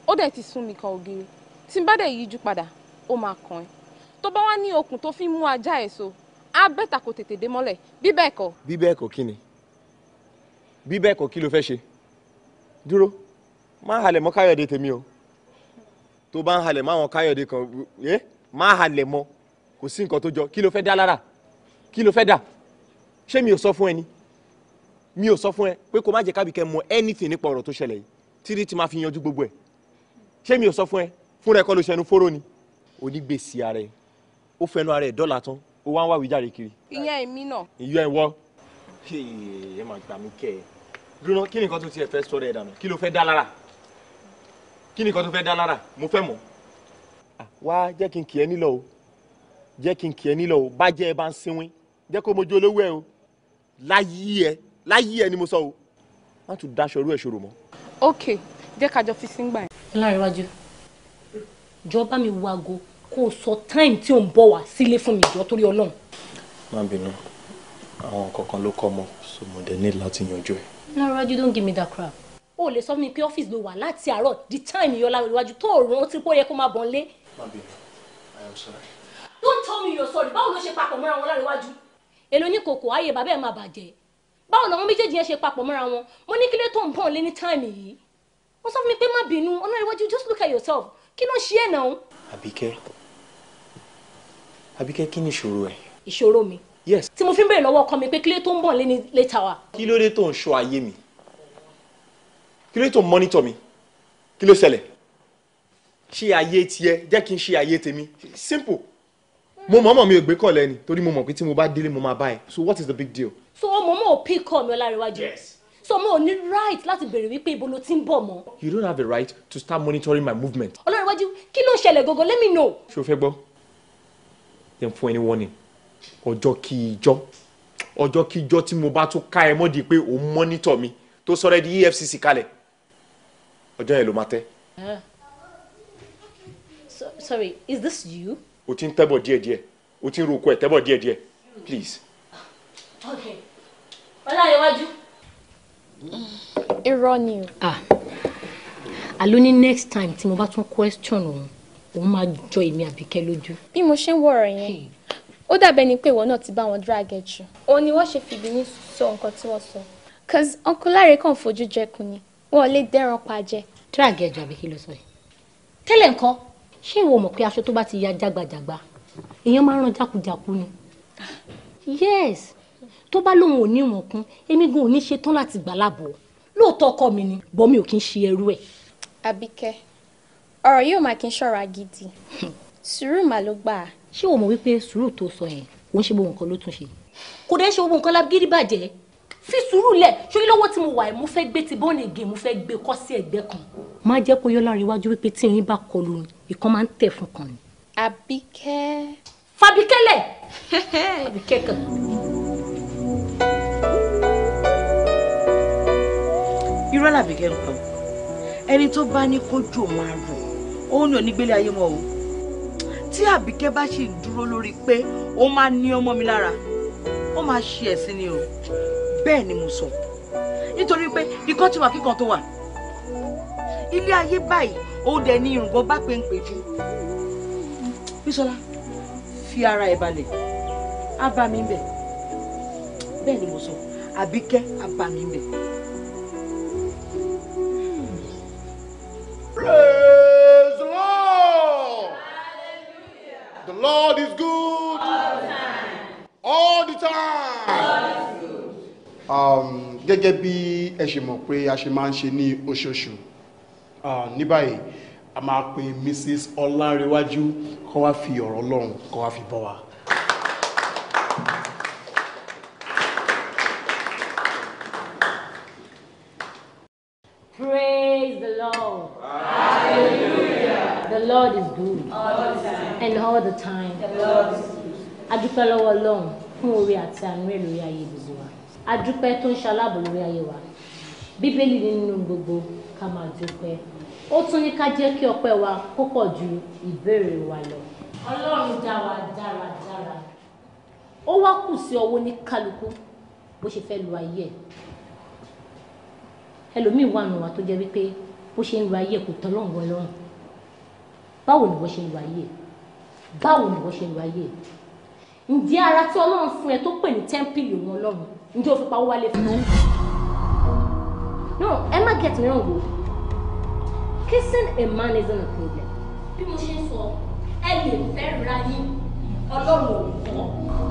ó dẹ̀ ti sún mi kan ògiri tí n bá dẹ̀ yíjú padà ó máa kàn ẹ́ tó bá wá ní okùn tó fi mú ajá ẹ̀ so á bẹ́tà kó tètè dé mọ́lẹ̀ bí kọ́. bí kọ́ kí ni bí kọ́ kí ló fẹ́ ṣe dúró má halẹ̀ mọ́ káyọ̀dé tèmi o tó bá ń halẹ̀ mọ́ àwọn káyọ̀dé kan ẹ má halẹ̀ mọ́ kò sí nǹkan tó jọ kí ló fẹ́ dá lára kí ló fẹ́ dà ṣé mi ò sọ fún ẹ ni mi ò sọ fún ẹ pé kó má jẹ́ kábìkẹ́ mọ anything nípa ọ̀rọ̀ tó ṣẹlẹ̀ yìí títí tí máa fi yanjú gbogbo ẹ̀ ṣé mi ò sọ fún ẹ fúnra ẹ kọ́ ló ṣẹnu fóró ni onígbèsè ara ẹ ó fẹnu ara dọ́là tán ó wá ń wá wíjàre kiri. ìyẹn èmi náà. ìyẹn ìwọ. ẹ máa gbà mí kẹ́ ẹ dúró kí ni nǹkan tó tiẹ̀ fẹ́ sọ rẹ̀ dànù kí ló fẹ́ dá lára kí ni nǹkan tó fẹ́ dá lára mo fẹ́ mọ̀. wá jẹ́ kí n kì í ẹ nílọ o jẹ́ kí n kì í ẹ nílọ o bá jẹ́ ẹ bá ń sinwin jẹ́ kó mojú olówó ẹ o láyé ẹ láyé ẹ ni mo sọ o má tún daṣọ irú ẹ ṣòro mọ́. ok jẹ́ ká fi sí gbà yẹn. Ọlárewájú jọ bá mi wo kó o sọ táìmù tí ò ń bọ̀ wá sílé fún mi jọ torí Ọlọ́run. má bínú àwọn kankan ló kọ́ mọ́ sọ ní láti yanjú ẹ̀. Lárúwájú don't give me that crap. O lè sọ fún mi pé ọ́fíìsì ló wà láti àárọ̀ the time ìyọ́ Lárúwájú tó rún tí kò yẹ kó máa bọ̀ ń lé. Má bínú, I am sorry. Don't tell me you're sorry, báwo ló ṣe papọ̀ mọ́ra wọn Lárúwájú? Èló ní kòkó ayé bàbá ẹ̀ máa bàjẹ́. Báwo làwọn méjèèjì yẹn ṣe papọ̀ mọ́ra wọn? Mo ní kílé tó ń bọ̀ lé ní táìmì yìí. Wọ́n sọ fún mi pé má bínú, Ọlárúwájú just look at yourself. Kí ló ń ṣe ẹ̀ náà? Àbíkẹ́, Àbíkẹ́ kí ni ìṣòro ẹ̀? yes. tí mo fi ń béèrè lọ́wọ́ ọkọ mi pé kílé tó ń bọ̀ lé ní létà wa. kí ló dé tó ń ṣọ́ ayé mi kí ló dé tó ń mọ́nítọ̀ mi kí ló ṣẹlẹ̀ ṣe ayé tiẹ̀ jẹ́ kí n ṣe ayé tèmi simple mo mọ̀ mọ̀ mi ò gbé kọ̀ lẹ́ni torí mo mọ̀ pé tí mo bá délé mo máa bá ẹ so what is the big deal. so ọmọ mo ò pick call mi ọlárẹwájú so mo ò ní right láti béèrè wípé ibo ló ti ń bọ̀ mọ́. you don't have the right to start monitoring my movement. ọlárẹwájú kí ló ṣẹlẹ̀ gangan let me know. ṣé o fẹ́ gbọ́? then fún ẹni warning ọjọ́ kí ijọ́ ọjọ́ kí ijọ́ tí mo bá tún ká ẹ mọ́di pé òun mọ́nítọ̀ mi tó sọ̀rọ̀ di EFCC kalẹ̀ ọjọ́ yẹn ló máa tẹ́. Ah. sorry is this you. o ti ń tẹ́bọ̀ díẹ̀díẹ̀ o ti ń roko ẹ̀ tẹ́bọ̀ díẹ̀díẹ̀ please. okay ọláyẹwájú. irọ́ ni o. Ah. àló ní next time tí mo bá tún question òun òun máa jọ èmi àbíkẹ́ lójú. bí mo ṣe ń wọ̀rọ̀ yẹn ó dàbẹ́ ni pé ìwọ náà ti bá wọn drag ẹ̀ jù. òun ni wọ́n ṣe fìbínú sọ nǹkan tí wọ́n sọ. cause uncle láre kàn fojú jẹkùn ni wọn ò lè dẹ́ran pa jẹ. drag ẹ̀ jù àbí kí ló sọ yìí. tẹ́lẹ̀ nǹkan ṣé ìwọ mọ̀ pé aṣọ tó bá ti ya jágbajàgba èèyàn máa ń ran jákujàku ni. yes tó bá lóun ò ní ìwọ̀n kún èmi gan ò ní ṣe tán láti gbà láàbọ̀ lóòótọ́ ọkọ mi ni bọ́ mi ò kí ń ṣe ẹrú ẹ̀. àbíkẹ́ ọ̀rọ̀ yóò máa kí ń ṣọ́ra gidi sùúrù mà ló gbà á ṣé o mọ̀ wípé sùúrù tó sọ yẹn kò ń ṣe gbogbo nǹkan ló tún ṣe kò dẹ́ ṣe gbogbo nǹkan lágídí bàjẹ́ fi sùúrù lẹ̀ ṣóyí lọ́wọ́ tí mo wà ẹ̀ mo fẹ́ gbé ti bọ́ọ̀nì ègè mo fẹ́ gbé kọ́ sí ẹ̀gbẹ́ kan. má jẹ́ kó yọ lára iwájú wípé tí yín bá kọlu ìkan máa ń tẹ̀ fún kan ni. Àbíkẹ́. fàbíkẹ́lẹ̀ Àbíkẹ́ kan. irọ́ làbíkẹ́ ń pa o ẹni tó bá ní kójú òun á rò ó ní onígbélé ayé mọ́ o tí àbíkẹ́ bá sì dúró lórí pé ó máa ní ọmọ mi lára ó máa ṣe ẹ̀sìn ni o bẹ́ẹ̀ ni mo sọ nítorí pé ikọ́ ti wà kíkan tó wà ilé ayé báyìí ó dẹ̀ ní irùngbọ́n bá pé ń pè jù bísọ́lá fi ara ẹ̀ balẹ̀ á bá mi bẹ̀ bẹ́ẹ̀ ni mo sọ àbíkẹ́ á bá mi bẹ̀. Lord is good. All the time. All the time. Um, gẹ́gẹ́ bí ẹ ṣe mọ̀ pé a ṣe máa ń ṣe ní oṣooṣù ní báyìí a máa pe Mrs. Ọlárẹ̀wájú kó wá fi ọ̀rọ̀ Ọlọ́run kó wá fi bọ́ wa. Praise the Lord. Hallelujah. The Lord is good and all the time. adúpẹ́ lọ́wọ́ ọlọ́run fún oore àti àánú ẹ̀ lórí ayé gbogbo wa adúpẹ́ tó ń ṣaláàbò lórí ayé wa bíbélì nínú gbogbo ká máa dúpẹ́ ó tún ní ká jẹ́ kí ọpẹ́ wa kó pọ̀ ju ìbéèrè wa lọ. ọlọ́run dá wa dáradára ó wá kù sí ọwọ́ ní kálukú bó ṣe fẹ́ lu ayé ẹ̀ ẹlòmíì wà nù wá tó jẹ́ wípé bó ṣe ń lu ayé kò tọ́ lọ́rùn wọ́n báwo ni wọ́n ṣe ń lu ayé ẹ̀ báwo ni wọ́n ṣe lo ayé ẹ̀ ǹjẹ́ ara tí ọlọ́run fún ẹ tó pè ní tẹ́ḿpìlì wọn ọlọ́run ǹjẹ́ o fi pawó wálé fún un. no ẹ má get me wrong o kissing a man isn't a problem. bí mo ṣe ń sọ ẹ lè fẹ́ ra yín ọlọ́run ò kọ́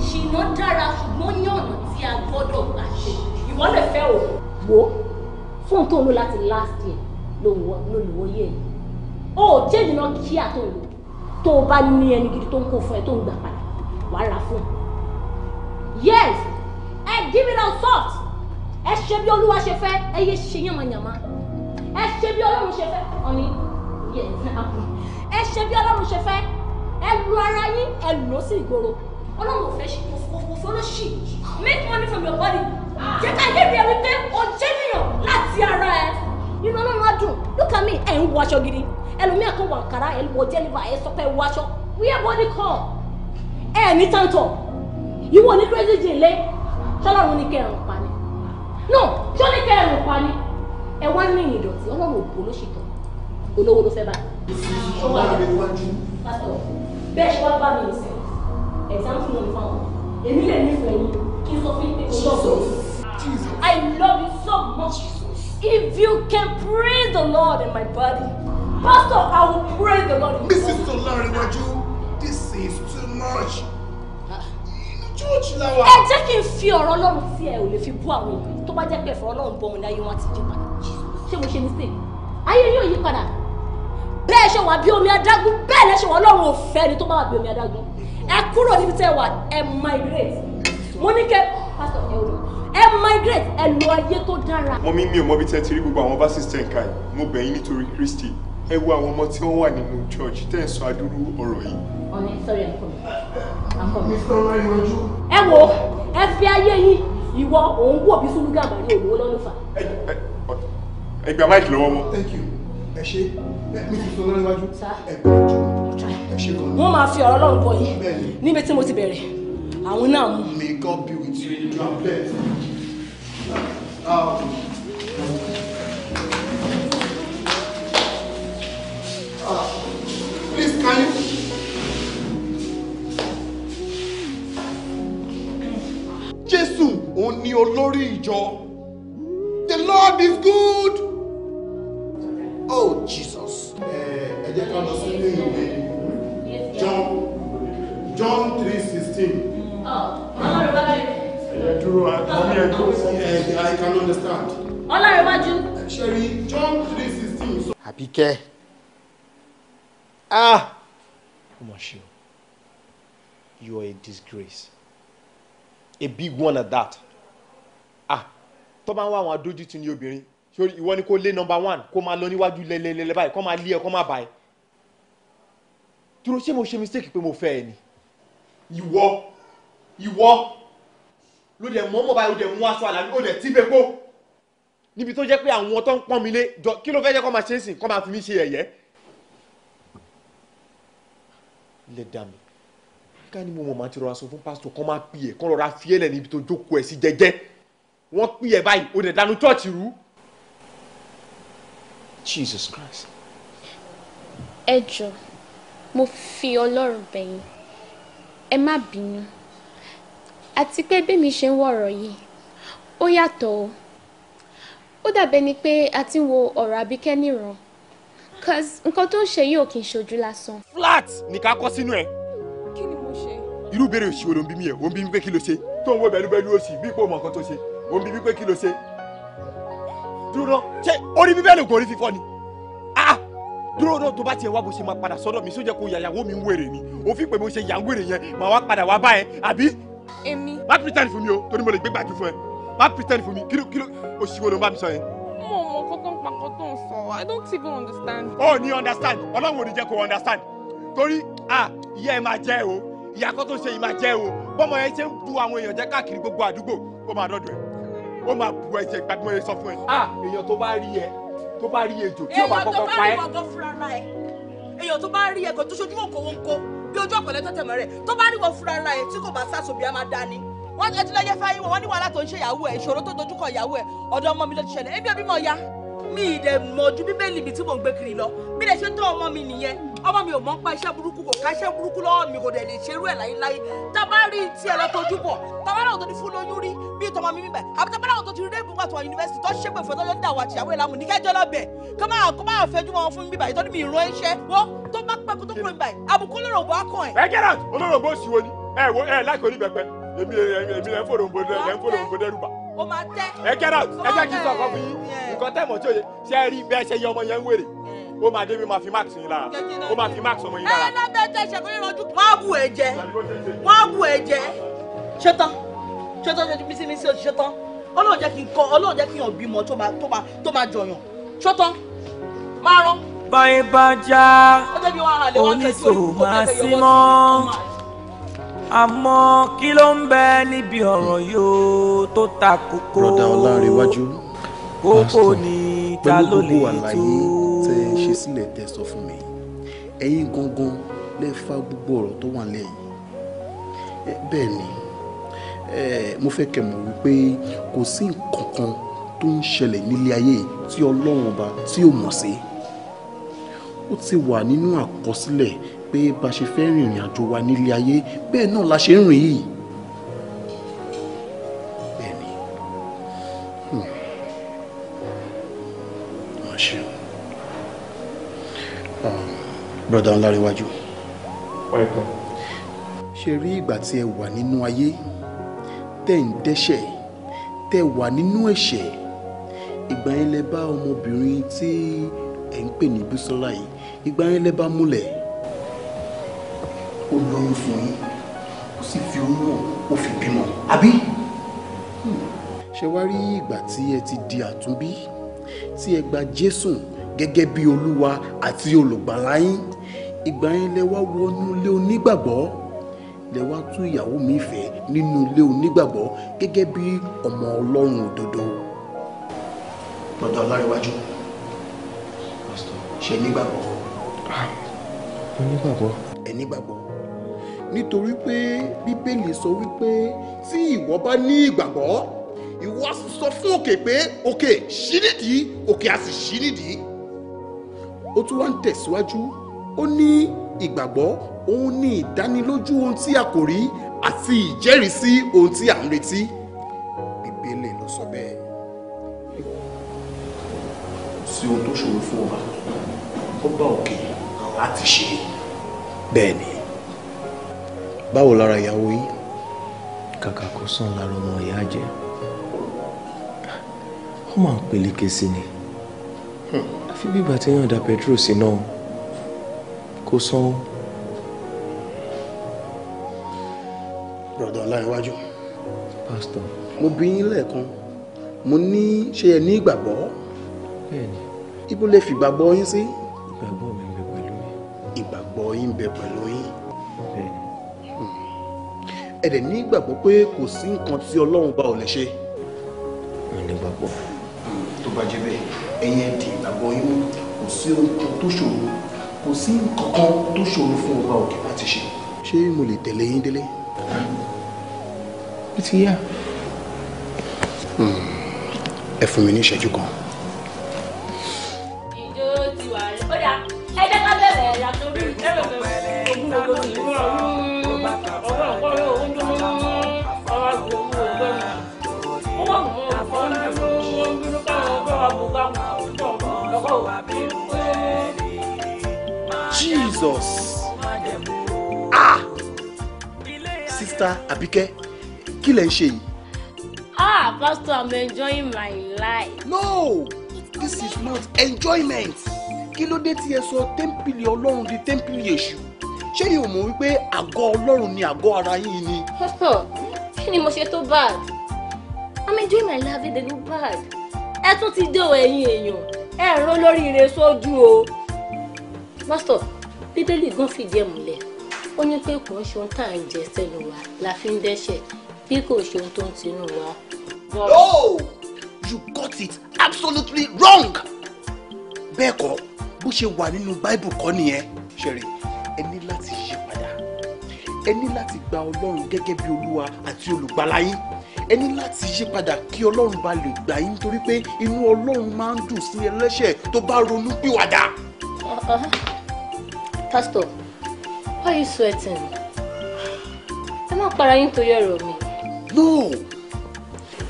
ṣìnà dára ṣùgbọ́n ní ọ̀nà tí a gbọ́dọ̀ gbà ṣe ìwọ lè fẹ́ o. wo fóun tó ń lò láti last year ló lùwọ́ yé ẹ̀ o ò jẹ́ ìdùnnà kíá tó lò tó o bá ní ẹni gidi tó ń kó fún ẹ tó ń gbà padà wàá ra fún un yes ẹ give it out soft ẹ ṣe bí olúwa ṣe fẹ́ ẹ yé ṣe yànmàyànmá ẹ ṣe bí ọlọ́run ṣe fẹ́ ọ̀nì ẹ ṣe bí ọlọ́run ṣe fẹ́ ẹ lu ara yín ẹ lò ó sí ìgboro ọlọ́run ò fẹ́ ṣe kò fọ́ ló ṣì make money from your body jẹ́ ká yé mi ẹ wípé o jẹ́ nìyàn láti ara ẹ inú ọlọ́run á dùn look at me ẹ̀ ń wọ aṣọ gidi ẹlòmíà kan wà nkàrà ẹ wọ ẹ sọpẹ ẹ wọ aṣọ wíyà bọ́dí kọ́ ẹ ní tàǹtọ̀ ìwọ ní crazy jean lé ní kẹrùn pa ni no tó ní kẹrùn pa ni ẹ wá ní ìdọ̀tí ọlọ́run òbò ló ṣètò olówó ló fẹ́ bá. ọba rẹ wájú. bẹ́ẹ̀ ṣe wá bá mi ìsìn exam fún mi fáwọn èmi lè nífẹ̀ẹ́ yín kí n sọ fún yín pé o lọ́ọ̀ọ́. I love you so much. If you can praise the Lord in my body. Pastor, I will pray the Lord. Mrs. Solanriwaju, this is too much. Ah. Church la ah. wa. Ẹ jẹ́ fear. n fi ọ̀rọ̀ Ọlọ́run tí ẹ ò lè fi bú àwọn obìnrin tó bá jẹ́ pé ẹ̀fọ́ Ọlọ́run bọ́ ọmọ ní ayé wọn ti jẹ́ padà. Ṣé mo ṣe ní sèé? Ayé yóò yí padà. Bẹ́ẹ̀ ṣe wà bí omi adágún, bẹ́ẹ̀ lẹ ṣe wà Ọlọ́run ò fẹ́ ni tó bá wà bí omi adágún. Ẹ kúrò níbi tẹ́ wà ẹ migrate. Mo ní kẹ́ pásítọ̀ migrate ẹ lo ayé tó dára. mọ mi mi ò mọbi tí ẹ ti kai mo bẹ̀ yín nítorí Kristi ẹ wo àwọn ọmọ tí wọ́n wà nínú church tẹ́ ẹ̀ sọ adúrú ọ̀rọ̀ yìí. ọ̀nì sọ̀rọ̀ ẹ̀kọ́ àkọ́ mi. ẹ wo ẹ fi ayé yín ìwọ òun wò bí sùnúgà màrí òwò lọ́nù fà. ẹ gba máìkì lọ́wọ́ wọn. thank you ẹ ṣe mi ti sọ lọ́nà ẹ gbà jù ẹ ṣe kan. wọ́n máa fi ọ̀rọ̀ lọ́rùn bọ̀ yìí níbi tí mo ti bẹ̀rẹ̀ àwọn náà mú. may God be with you in your place. Ah, Please, can you? Jésù òun ni olórí ìjọ. The Lord is good. Oh Jesus. Eh, John John three sixteen. Oh, dúró àtọ́mí I can understand. Ọlọ́run wájú. Ṣé rí John three sixteen. Àbíkẹ́ ah ó mà you are a disgrace a big one at that ah tó bá ń wá àwọn adójútì ní obìnrin sórí ìwọ ni kó lé number one kó máa lọ níwájú lẹ́lẹ́lẹ́lẹ́ báyìí kó máa lé ẹ kó máa bá ẹ dúró ṣé mo ṣe mistake pé mo fẹ́ ẹ ni ìwọ ìwọ ló dẹ̀ mọ́ mọ́ báyìí ó dẹ̀ mú aṣọ àlàyé ó dẹ̀ tí bẹ́ẹ̀ kó níbi tó jẹ́ pé àwọn tó ń pọ́n mi lé jọ kí ló fẹ́ jẹ́ kó máa ṣe é sìn kó máa fi mí ṣe ẹ̀yẹ́ ilé dà mí ká ní mo mọ̀ máa ti rọra sọ fún pásítọ̀ kán máa pì ẹ̀ kán rọra fi ẹ̀ lẹ̀ níbi tó jókòó ẹ̀ sí jẹ́jẹ́ wọ́n pì ẹ̀ báyìí ó dẹ̀ dànù chọ́ọ̀chì rú. Jesus Christ. ẹ jọ mo fi Ọlọ́run bẹ̀yìn ẹ má bínú àti pé bẹ́mi ṣe ń wọ̀rọ̀ yìí ó yàtọ̀ o ó dàbẹ́ ni pé a ti ń wo ọ̀rọ̀ Àbíkẹ́ níran cause nǹkan tó ń ṣe yìí ò kì í ṣojú lásán. flat nìkan kọ́ sínú ẹ̀. kí ni mo ṣe. irú ìbéèrè òṣì wo ló ń bí mi ẹ̀ ò ń bí mi pé kí ló ṣe tó ń wo bẹ́lúbẹ́lú òṣì bí ipò mọ̀ nǹkan tó ṣe ò ń bí mi pé kí ló ṣe. dúró náà ṣé orí bíbélì kò rí fífọ́ ni ah! dúró náà tó bá tiẹ̀ wá bó ṣe máa padà sọ́dọ̀ mi sójẹ́ kó yàyàwó mi ń wèrè ni òfin pé mo ṣe yà ń wèrè yẹn màá wá padà wá bá ẹ àbí. pretend fún mi o torí mo lè gbé gbàgbé fún ẹ ń i don't even understand. ó oh, ní understand ọlọ́run ò ní jẹ́ kó understand torí à ìyá ẹ máa jẹ́ o ìyá kan tó ṣe yìí máa jẹ́ o bọ́mọ yẹn ṣe ń bu àwọn èèyàn jẹ́ káàkiri gbogbo àdúgbò ó máa dọ́dọ̀ ẹ̀ ó máa bu ẹ̀jẹ̀ gbàgbọ́ yẹn sọ fún ẹ. à èèyàn tó bá rí ẹ tó bá rí ejò tí ó bá kọ́kọ́ pa ẹ́. èèyàn tó bá rí wọ́n fúnra ẹ̀ èèyàn tó bá rí ẹ̀kọ́ tó ṣojú òkòwòǹkò bí ojú ọ̀pẹ̀lẹ̀ tó tẹ̀mọ̀ rẹ̀ tó bá rí wọ́n fúnra ẹ̀ tí kò bá sásòbí á máa dání wọ́n ti ẹtí lọ́yẹ́ fáyé wọn wọ́n ní wàhálà tó ń ṣe ìyàwó ẹ̀ ìṣòro tó dojúkọ ìyàwó ẹ̀ ọ̀dọ̀ ọmọ mi ló ti ṣẹlẹ̀ ebi òbí mọ̀ ya mi ìdẹ̀ mọ̀ ju bíbélì mi tí mò ń gbé kiri lọ bí lè ṣe tọ́ ọmọ mi nìyẹn ọmọ mi ò mọ̀ ń pa iṣẹ́ burúkú kò ká iṣẹ́ burúkú lọ́wọ́ mi kò dẹ̀ lè ṣerú ẹ̀ láyéláyé tábà rí tí ẹ lọ tójú bọ̀ tábà láwọn tó ti fún lóyún rí bíi tọmọ mi mímẹ àbí tábà láwọn tó ti rí rẹ́ẹ̀bù wà tọmọ yunifásitì tó ṣépè fún ọjọ́ dàwọ̀ àtìyàwó ìlàmù ní kẹjọ́ lọ́bẹ̀ kó máa kó máa fẹjú wọn fún mi báyìí tó ní mi ìran iṣẹ́ wọ́n tó bá pẹ́ kó tó kúrò mi báyìí àbùkù olórògbò á kàn ẹ̀. ẹ jẹ́rà olórògbò ó máa tẹ́. ẹ kẹ́rà ẹ jẹ́ kí n sọ ọ̀kan fún yín nǹkan tẹ́ mọ̀ tí ó yẹ ṣe é rí bẹ́ẹ̀ ṣe yẹ ọmọ yẹn ń wèrè ó máa débi máa fi max yín lára ó máa fi max ọmọ yín lára. ẹ lọ́dọ̀ tẹ ṣẹ̀kọ́ yín lọ́jú. wọ́n á bù ẹ jẹ wọ́n á bù ẹ jẹ. ṣetán ṣetán ṣetán bísí bísí oṣù ṣetán ọlọ́run jẹ́ kí n kọ́ ọlọ́run jẹ́ kí n yàn bímọ tó máa tó máa tó máa jọyàn ṣetán máa rán. báyìí bá já oníṣòwò máa sí mọ́ àmọ́ kí ló ń bẹ níbi ọ̀rọ̀ yóò tó ta kókó kókó ni ta ló lè tó. tẹ ẹ ṣe sílẹ̀ tẹ sọ fún mi ẹ̀yin gangan lẹ fa gbogbo ọ̀rọ̀ tó wà lẹ́yìn bẹ́ẹ̀ ni mo fẹ́ kẹ́ mọ̀ wípé kò sí nǹkan kan tó ń ṣẹlẹ̀ nílé ayé tí ọlọ́run ọba tí ò mọ̀ sí ó ti wà nínú àkọsílẹ̀ pé bá ṣe fẹ́ rìnrìn àjò wa nílé ayé bẹ́ẹ̀ náà la ṣe ń rìn yìí. bẹ́ẹ̀ni hmm. máa ṣe broda ńláríwájú. ṣe rí ìgbà tí ẹ wà nínú ayé tẹ́ ń dẹ́ṣẹ̀ tẹ́ wà nínú ẹ̀ṣẹ̀ ìgbà yẹn lẹ bá ọmọbìnrin tí ẹ̀ ń pè ní Bísọ́lá yìí ìgbà yẹn lẹ bá múlẹ̀ fún yín ó sì fi oyún wọ̀ ó fi bímọ àbí. ṣé wàá rí ìgbà tí ẹ ti di àtúnbí tí ẹ gba Jésù gẹ́gẹ́ bí olúwa àti olùgbàlà yín ìgbà yẹn lẹ wá wọnú ilé onígbàgbọ́ lẹ wá tún ìyàwó mi fẹ́ nínú ilé onígbàgbọ́ gẹ́gẹ́ bí ọmọ ọlọ́run òdodo. Bọ̀dọ̀ Ọlárẹ̀wájú ṣe nígbàgbọ́. Ah, onígbàgbọ́. Ẹ nígbàgbọ́ nítorí pé bíbélì sọ wípé tí ìwọ bá ní ìgbàgbọ́ ìwọ á sì sọ fún òkè pé òkè ṣí nídìí òkè á sì ṣí nídìí ó tún wá ń tẹ̀síwájú ó ní ìgbàgbọ́ òun ní ìdánilójú ohun tí a kò rí àti ìjẹ́rìísí ohun tí à ń retí bíbélì ló sọ bẹ́ẹ̀ sí ohun tó ṣòro fún ọba ọba òkè láti ṣe bẹ́ẹ̀ báwo lára ìyàwó yìí kàkà kó sàn lára ọmọ ìyá jẹ ó máa ń peléke sí ni àfi bí ìgbà tí yàn dá petrol sí náà kó sàn ó. bùrọ̀dọ̀ ọláyíwájú. pásítọ̀. mo bí yín lẹ́ẹ̀kan mo ní ṣe ẹ ní ìgbàgbọ́. bẹ́ẹ̀ni. ibo lè fìgbàgbọ́ yín sí. ìgbàgbọ́ mi ń bẹ pẹ̀lú mi. ìgbàgbọ́ yín ń bẹ pẹ̀lú yín ẹ dẹ̀ ní ìgbàgbọ́ pé kò sí nǹkan tí ọlọ́run bá ò lè ṣe. mi ní gbàgbọ́. tó bá jẹ́ bẹ́ẹ̀ ẹ̀yin ẹ̀ dì ìgbàgbọ́ yín mú kò sí nǹkan tó ṣòro kò sí nǹkan kan tó ṣòro fún ọba òkè láti ṣe. ṣé mo lè tẹ̀lé yín délé. ó ti yá. Hmm. ẹ fún mi ní ìṣẹ́jú kan. Jesus ah sister Abike kí lẹ ṣe yìí. ah pastor i'm enjoying my life. no this is not enjoyment kí ló dé tí ẹ sọ tẹ́ḿpìlì ọlọ́run di tẹ́ḿpìlì èṣù ṣé yìí ò mọ̀ wípé àgọ́ ọlọ́run ni àgọ́ ara yín ni. kí ni mo ṣe tó bad i'm enjoying my life ẹ̀dẹ̀ ló bad ẹ tún ti dé o ẹ̀yin èèyàn ẹ̀ ń ró lóríire sójú o pastor bíbélì gan fìdí ẹ̀ múlẹ̀ ó ní pé kò ń ṣe ohun tá à ń jẹ sẹ́nu wa la fi ń dẹ́ṣẹ̀ bí kò ṣe ohun tó ń tinú wa. no you got it absolutely wrong bẹ́ẹ̀ kọ́ bó ṣe wà nínú báíbù kọ́ nìyẹn ṣẹ̀rẹ̀ ẹ ní láti yí padà ẹ ní láti gba ọlọ́run gẹ́gẹ́ bí olúwa àti olùgbàlà yín ẹ ní láti yí padà kí ọlọ́run bá lè gbà yín nítorí pé inú ọlọ́run máa ń dùn sí ẹlẹ́ṣẹ̀ tó bá ronú pìwàdà. Uh-huh. Pastor, why are you sweating? Ẹ má para yín torí ọ̀rọ̀ mi. No!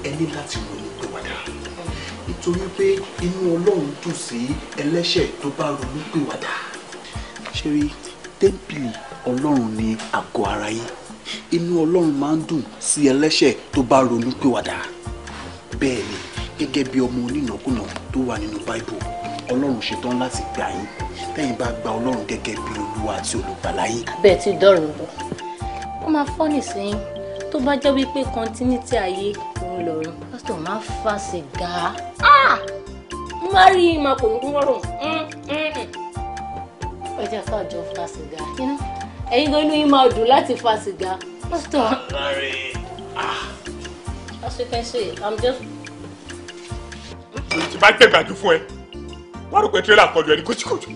Ẹ ní láti ronú pé wàdà. Nítorí pé inú Ọlọ́run dùn sí ẹlẹ́ṣẹ̀ tó bá ronú pé wàdà. Ṣé rí tẹ́ḿpìlì Ọlọ́run ní àgọ́ ara yín? Inú Ọlọ́run máa ń dùn sí ẹlẹ́ṣẹ̀ tó bá ronú pé wàdà. Bẹ́ẹ̀ ni, gẹ́gẹ́ bí ọmọ onínàkúnà tó wà nínú Báíbù ọlọ́run ṣetán láti gbà yín tẹ́yìn bá gba ọlọ́run gẹ́gẹ́ bí olúwa àti olùgbàlà yín. abẹ́ẹ̀ ti dọ́rùn bọ̀ ó máa fọ́ nìsẹ́yìn tó bá jẹ́ wípé kọ́ńtínítì ayé òun lọ́rùn pásítọ̀ máa fa sìgá ah! mari ma kò ní rọrùn mm, mm. ẹ jẹ́ ká jọ fa sìgá ẹ̀yin gan inú yín máa dùn láti fa sìgá pásítọ̀. as ah. you can see i'm just. tí bá gbẹ̀gbàjú fún ẹ wọ́n rò pé tírélà kọjú ẹni kójúkójú.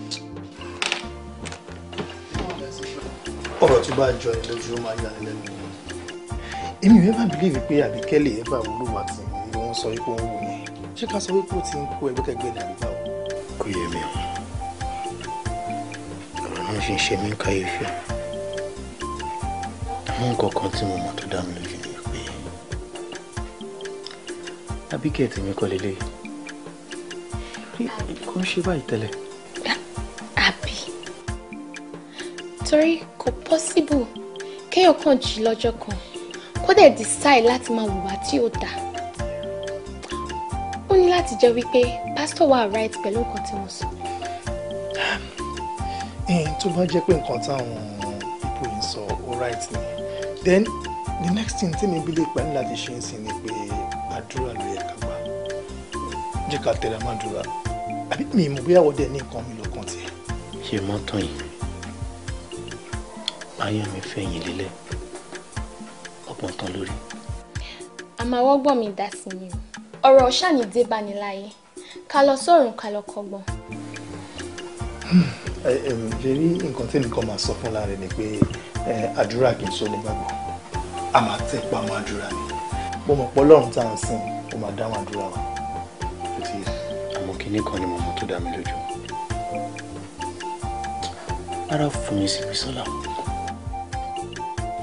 ọ̀rọ̀ tí bá jọ ẹ lójú ó máa yà ní lẹ́nu èmi ò bá bìlíìfì pé àbíkẹ́ lè ẹ̀ bá wúlò wà tí wọ́n sọ wípé wọ́n wò ní ṣé ká sọ wípé ó ti ń kó ẹgbẹ́kẹ́gbẹ́ ní àbíkà o. kò yẹ mi o ọ̀rọ̀ náà ṣe ń ṣe mí káyéfì àwọn nǹkan kan tí mo mọ̀ tó dá mi lójú ni pé àbíkẹ́ tèmi kọ́ lélẹ́yìí kò ń ṣe báyìí tẹ́lẹ̀. àbí torí kò pọ́síbù kéèyàn kàn jí lọ́jọ́ kan kó dẹ̀ decide láti máa wùwà tí ó dáa ó ní láti jẹ́ wípé pásítọ̀ wà right pẹ̀lú nǹkan tí wọ́n sọ. tó bá jẹ́ pé nǹkan táwọn people yìí sọ ó right ni then the next thing tí mi bí lè pa ní láti ṣe é sí ni pé àdúrà ló yẹ ká gbà jẹ́ ká tẹ̀lé àmàdúrà àbí mi mọ̀ bóyá ọdẹ ní nǹkan mi lọ́kàn tiẹ̀. ṣé mọ́ tán yìí báyọ̀ mi fẹ̀yìn lélẹ̀ ọgbọ́n tán lórí. àmọ́ ọwọ́gbọ́n mi dá sí ni ọ̀rọ̀ ṣáàní dé bá ní láyé ká lọ sọ́run ká lọ kọ́gbọ́n. Hmm. ṣe rí nǹkan tí nìkan máa sọ fún lára ni pé àdúrà kì í sọ nígbàgbọ́ a máa tẹ́ pa àwọn àdúrà ni mo mọ̀ pé ọlọ́run tá à ń sìn ó máa dáhùn àdúrà wa kíní ni mo mọ tó dá mi lójú rárá fún mi sí Bísọ́lá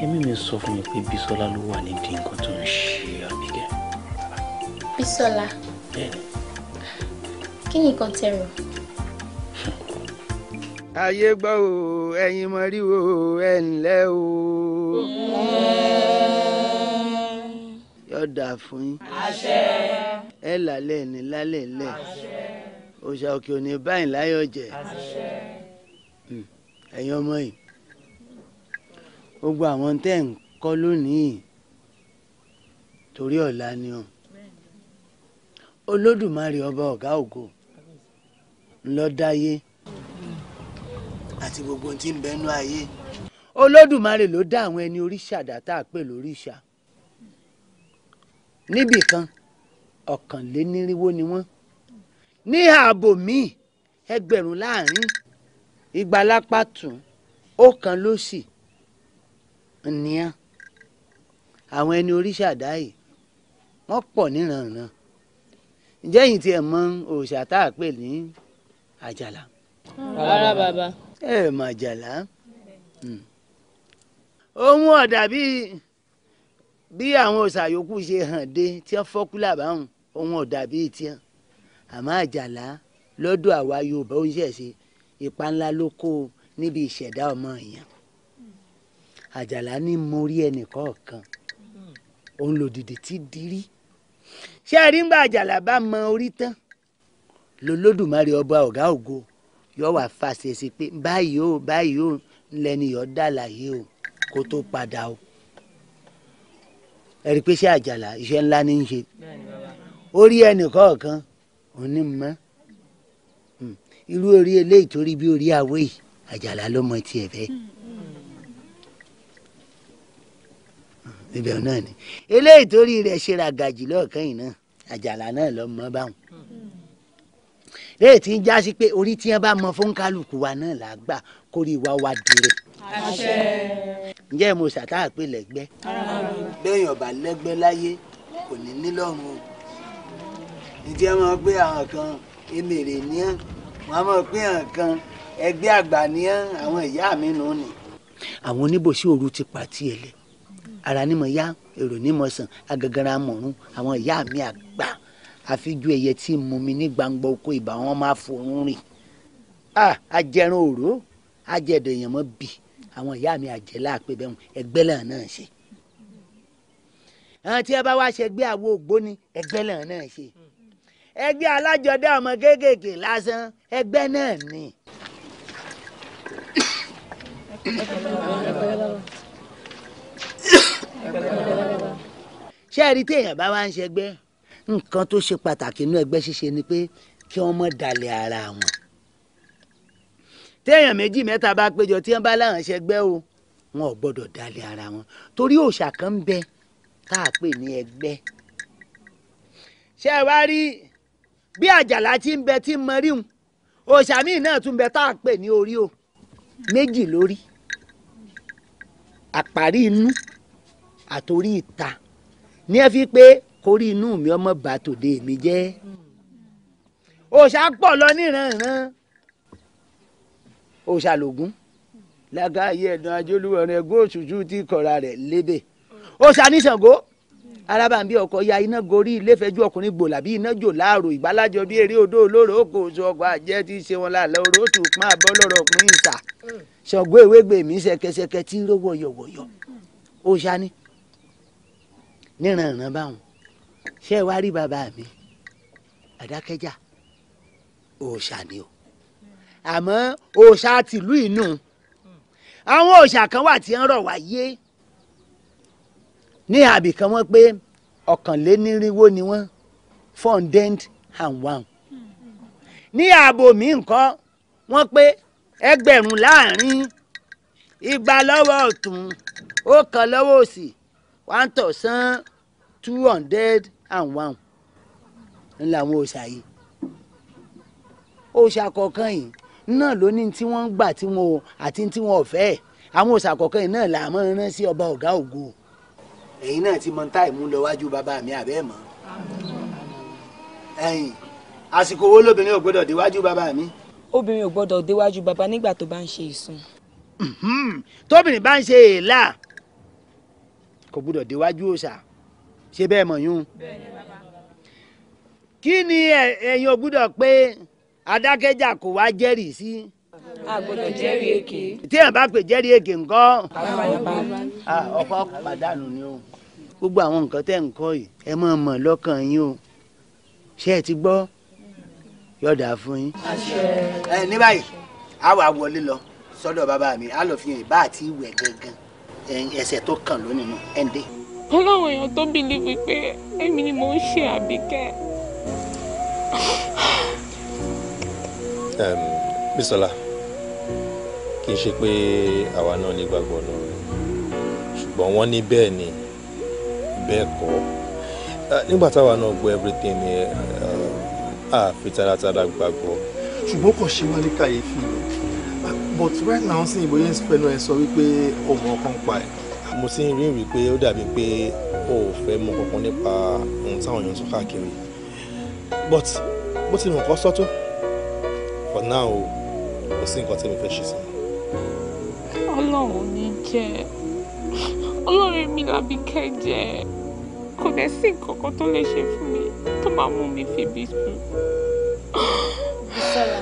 ẹ̀mí mi sọ fún mi pé Bísọ́lá ló wà nídìí nǹkan tó ń ṣe Àbíkẹ́. Bísọ́lá kí ni nǹkan tẹ́ rò. ayé gbọ́ o ẹ̀yin mọ̀ rí o ẹ̀ ǹlẹ́ o. yọ̀dà fún yín. àṣẹ. lálẹ́ ní lálẹ́ lẹ́ òòṣà òkè òní báyìí láyọ̀ jẹ́ hmm. ẹ̀yin ọmọ yìí gbogbo àwọn tẹ́ ń kọ́ lónìí torí ọ̀la ni o olódùmarè ọba ọ̀gá ògo ńlọ́dáyé àti gbogbo ohun tí ń bẹnu ayé olódùmarè ló dá àwọn ẹni oríṣà dátà pè lóríṣà níbìkan ọ̀kànlénírinwó ni wọ́n ní ààbò míì ẹgbẹ̀rún láàrin igba lápá tún ó kan lósì nìyàn àwọn ẹni oríṣàdá yìí wọ́n pọ̀ níranran ǹjẹ́ yìí tiẹ̀ mọ òòṣà tá a pè ní àjàlá. rárá bàbá. ẹ mà àjàlá hmm. ohun ọ̀dà bíi bí àwọn òòṣà yòókù ṣe hàn dé tí wọ́n fọ́kú làbáwọn ohun ọ̀dà bíi tiẹ̀ àmọ́ àjàlá lọ́dọ̀ àwa yorùbá ó ń ṣẹ̀ṣe ipa ńlá ló kó níbi ìṣẹ̀dá ọmọ èèyàn àjàlá ní mórí ẹnìkọ̀ọ̀kan òun lòdìdì tí dirí ṣé ẹ rí ń gba àjàlá bá mọ orí tán lolódùmarè ọba ọ̀gá ògo yóò wá fàṣẹ sí pé báyìí o báyìí o lẹni dàlàyé o kó tó padà o ẹ pé ṣé àjàlá iṣẹ́ ńlá ní í ṣe orí ẹnìkọ̀ọ̀kan òní mọ́ hmm. irú orí eléyìí torí bí orí àwé yìí àjàlá ló mọ tiẹ̀ bẹ́ẹ̀. Hmm. Hmm. ibẹ̀ náà ni eléyìí torí rẹ̀ ṣe ràgàjì lọ́ọ̀kan yìí náà àjàlá náà ló mọ báwọn. léyìí tí ń jásí pé orí tí wọ́n bá mọ fún kálukú wa náà là á gbà kórè wa wá dire. àṣẹ. ǹjẹ́ mo ṣàtàpè lẹ́gbẹ́. bẹ́ẹ̀ yọ̀bà lẹ́gbẹ́ láyé kò ní nílọ́run o ìdí ẹ máa pé àwọn kan emèrè ní ẹ wọn máa pé àwọn kan ẹgbẹ́ àgbà ní ẹ àwọn ìyá mi nù ni. àwọn oníbòsí òru ti pa tiẹ̀ lẹ̀ ara ni mo yá èrò ni mo sàn agagara mọ̀rún àwọn ìyá mi àgbà àfijú ẹyẹ tí mú mi ní gbangba oko ìbá wọn máa forún rìn ajẹrun òró ajẹdọ èèyàn mọ bì àwọn ìyá mi àjẹ láàpẹ bẹ́ẹ̀ ẹgbẹ́ lẹ́hàn náà ṣe àwọn tí ẹ bá wá ṣe gbé àwo ògbóni ẹgbẹ́ lẹ́hàn náà ṣe ẹgbẹ́ alájọdá ọmọ kéékèèké lásán ẹgbẹ́ náà ni. ṣé ẹ rí téèyàn bá wá ń ṣẹgbẹ́ nǹkan tó ṣe pàtàkì inú ẹgbẹ́ ṣíṣe ni pé kí wọ́n mọ̀ dalẹ̀ ara wọn. téèyàn méjì mẹ́ta bá péjọ tí wọ́n bá láwọn ṣẹgbẹ́ o wọn ò gbọ́dọ̀ dalẹ̀ ara wọn torí òòṣà kan ń bẹ tá a pè ní ẹgbẹ́ ṣé ẹ wá rí bí àjàlá ti ń bẹ tí ń mọrí hùn òṣàmì náà tún bẹ tá à pè ní orí o méjì lórí àparí inú àtòrí ìta ní ẹ fi pé kórí inú mi ọmọ bá tòde mi jẹ́ òṣà pọ̀ lọ níranran òṣà lògún lága ayé ẹ̀dùn ajé olúwẹ̀rẹ̀ ẹgbẹ́ òṣùṣù ti kọ̀ra rẹ̀ lébè òṣà ní arábàǹbí ọkọ̀ ya iná gorí ilé fẹjú ọkùnrin gbòòlà bí iná jò láàrò ìgbàlájọ bí eré odó olóró òkò oṣù ọkọ̀ àjẹ́ ti ṣe wọn lálẹ́ oró tù pọ́n abọ́ lọ́rọ̀ pín ìsà ṣọ̀gbó ìwé gbè mí ṣẹkẹṣẹkẹ tí ró wọ̀yọ̀wọ̀yọ̀ ó ṣání níranran báwọn ṣé ẹ wá rí bàbá mi àdákẹ́jà òòṣà ni o àmọ́ òòṣà tìlú inú àwọn òòṣà kan wà tí ń rọ̀ wáyé ní àbí kan wọ́n pé ọ̀kànlénírínwó ni wọ́n four hundred and one ní ààbò mi nǹkan wọ́n pé ẹgbẹ̀rún láàrin igba lọ́wọ́ ọ̀tún ó kan lọ́wọ́ òsì one thousand two hundred and one ńlá àwọn òòṣà yìí òòṣà kọ̀ọ̀kan yìí náà ló ní tí wọ́n ń gbà tí wọn ò àti tí wọn ò fẹ́ àwọn òòṣà kọ̀ọ̀kan yìí náà là á mọ̀ rán sí ọba ọ̀gá ògo ẹ̀yin náà ti mọ táì mú lọ wájú bàbá mi àbẹ́ mọ́ ẹ̀yin àsìkò owó lóbìnrin ò gbọ́dọ̀ déwájú bàbá mi. obìnrin ò gbọ́dọ̀ déwájú bàbá nígbà tó bá ń ṣe ìsun. tóbìnrin bá ń ṣe èèlà kò gbọ́dọ̀ déwájú òòṣà ṣé bẹ́ẹ̀ mọ̀ yún. kí ni ẹ̀yin ò gbọ́dọ̀ pé adákẹ́jà kò wá jẹ́rìí sí. Si? àgbọ́dọ̀ jẹ́rìí èké. téèyàn bá pè jẹ́rìí èké ńkọ́. ọkọ pàdánù ni o gbogbo àwọn nǹkan tẹ́ ń kọ́ yìí ẹ máa mọ̀ lọ́kàn yín o ṣé ẹ ti gbọ́ yọ̀dà fún yín. ní báyìí a wà wọlé lọ sọ́dọ̀ bàbá mi a lọ fi hàn bá àti ìwẹ̀ gangan ẹsẹ̀ tó kàn lónìí nù ọlọ́run èèyàn tó bìlíìfù pé èmi ni mò ń ṣe àbíkẹ́. Mísọ́lá. Um, kì í ṣe pé àwa náà nígbàgbọ́ náà rẹ̀ ṣùgbọ́n wọ́n ní bẹ́ẹ̀ ni bẹ́ẹ̀ kọ́ nígbà táwa náà gbọ́ everything ni a fi taratara gbàgbọ́. ṣùgbọ́n kò ṣe wá ní kàyéfì but right now sí ìbò yẹn ń ẹ sọ wípé ọmọ kan pa ẹ. mo ti ń rí wípé ó dàbí pé o ò fẹ́ mọ kankan nípa ohun táwọn èèyàn sọ káàkiri but bó ti mọ̀ kọ́ sọ́tún for now kò sí nǹkan tí mo fẹ́ ṣe sí i ọlọ́run ní jẹ́ ọlọ́run mi làbí kẹ́jẹ́ kò dẹ̀ sí nǹkan kan tó lè ṣe fún mi tó máa mú mi febi sùn. Bísọ́lá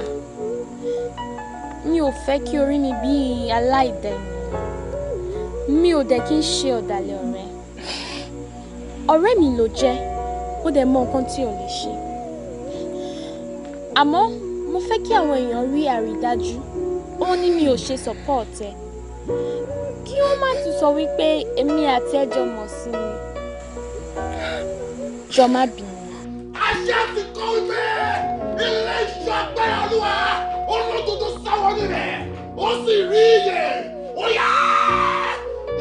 mi ò fẹ́ kí o rí mi bíi aláìdá ènìyàn mi ò dẹ̀ kí n ṣe ọ̀dàlẹ̀ ọ̀rẹ́ ọ̀rẹ́ mi ló jẹ́ ó dẹ̀ mọ nǹkan tí o lè ṣe àmọ́ mo fẹ́ kí àwọn èèyàn rí àrídájú ó ní mi ò ṣe support ẹ. Eh kí wọ́n má tún sọ wípé èmi àti ẹjọ́ mọ̀ sí ni jọ má bínú. àṣà ti kọ́ wípé ilé iṣu agbára olúwa olódodo sáwọn nílẹ̀ ó sì rí iye ó yá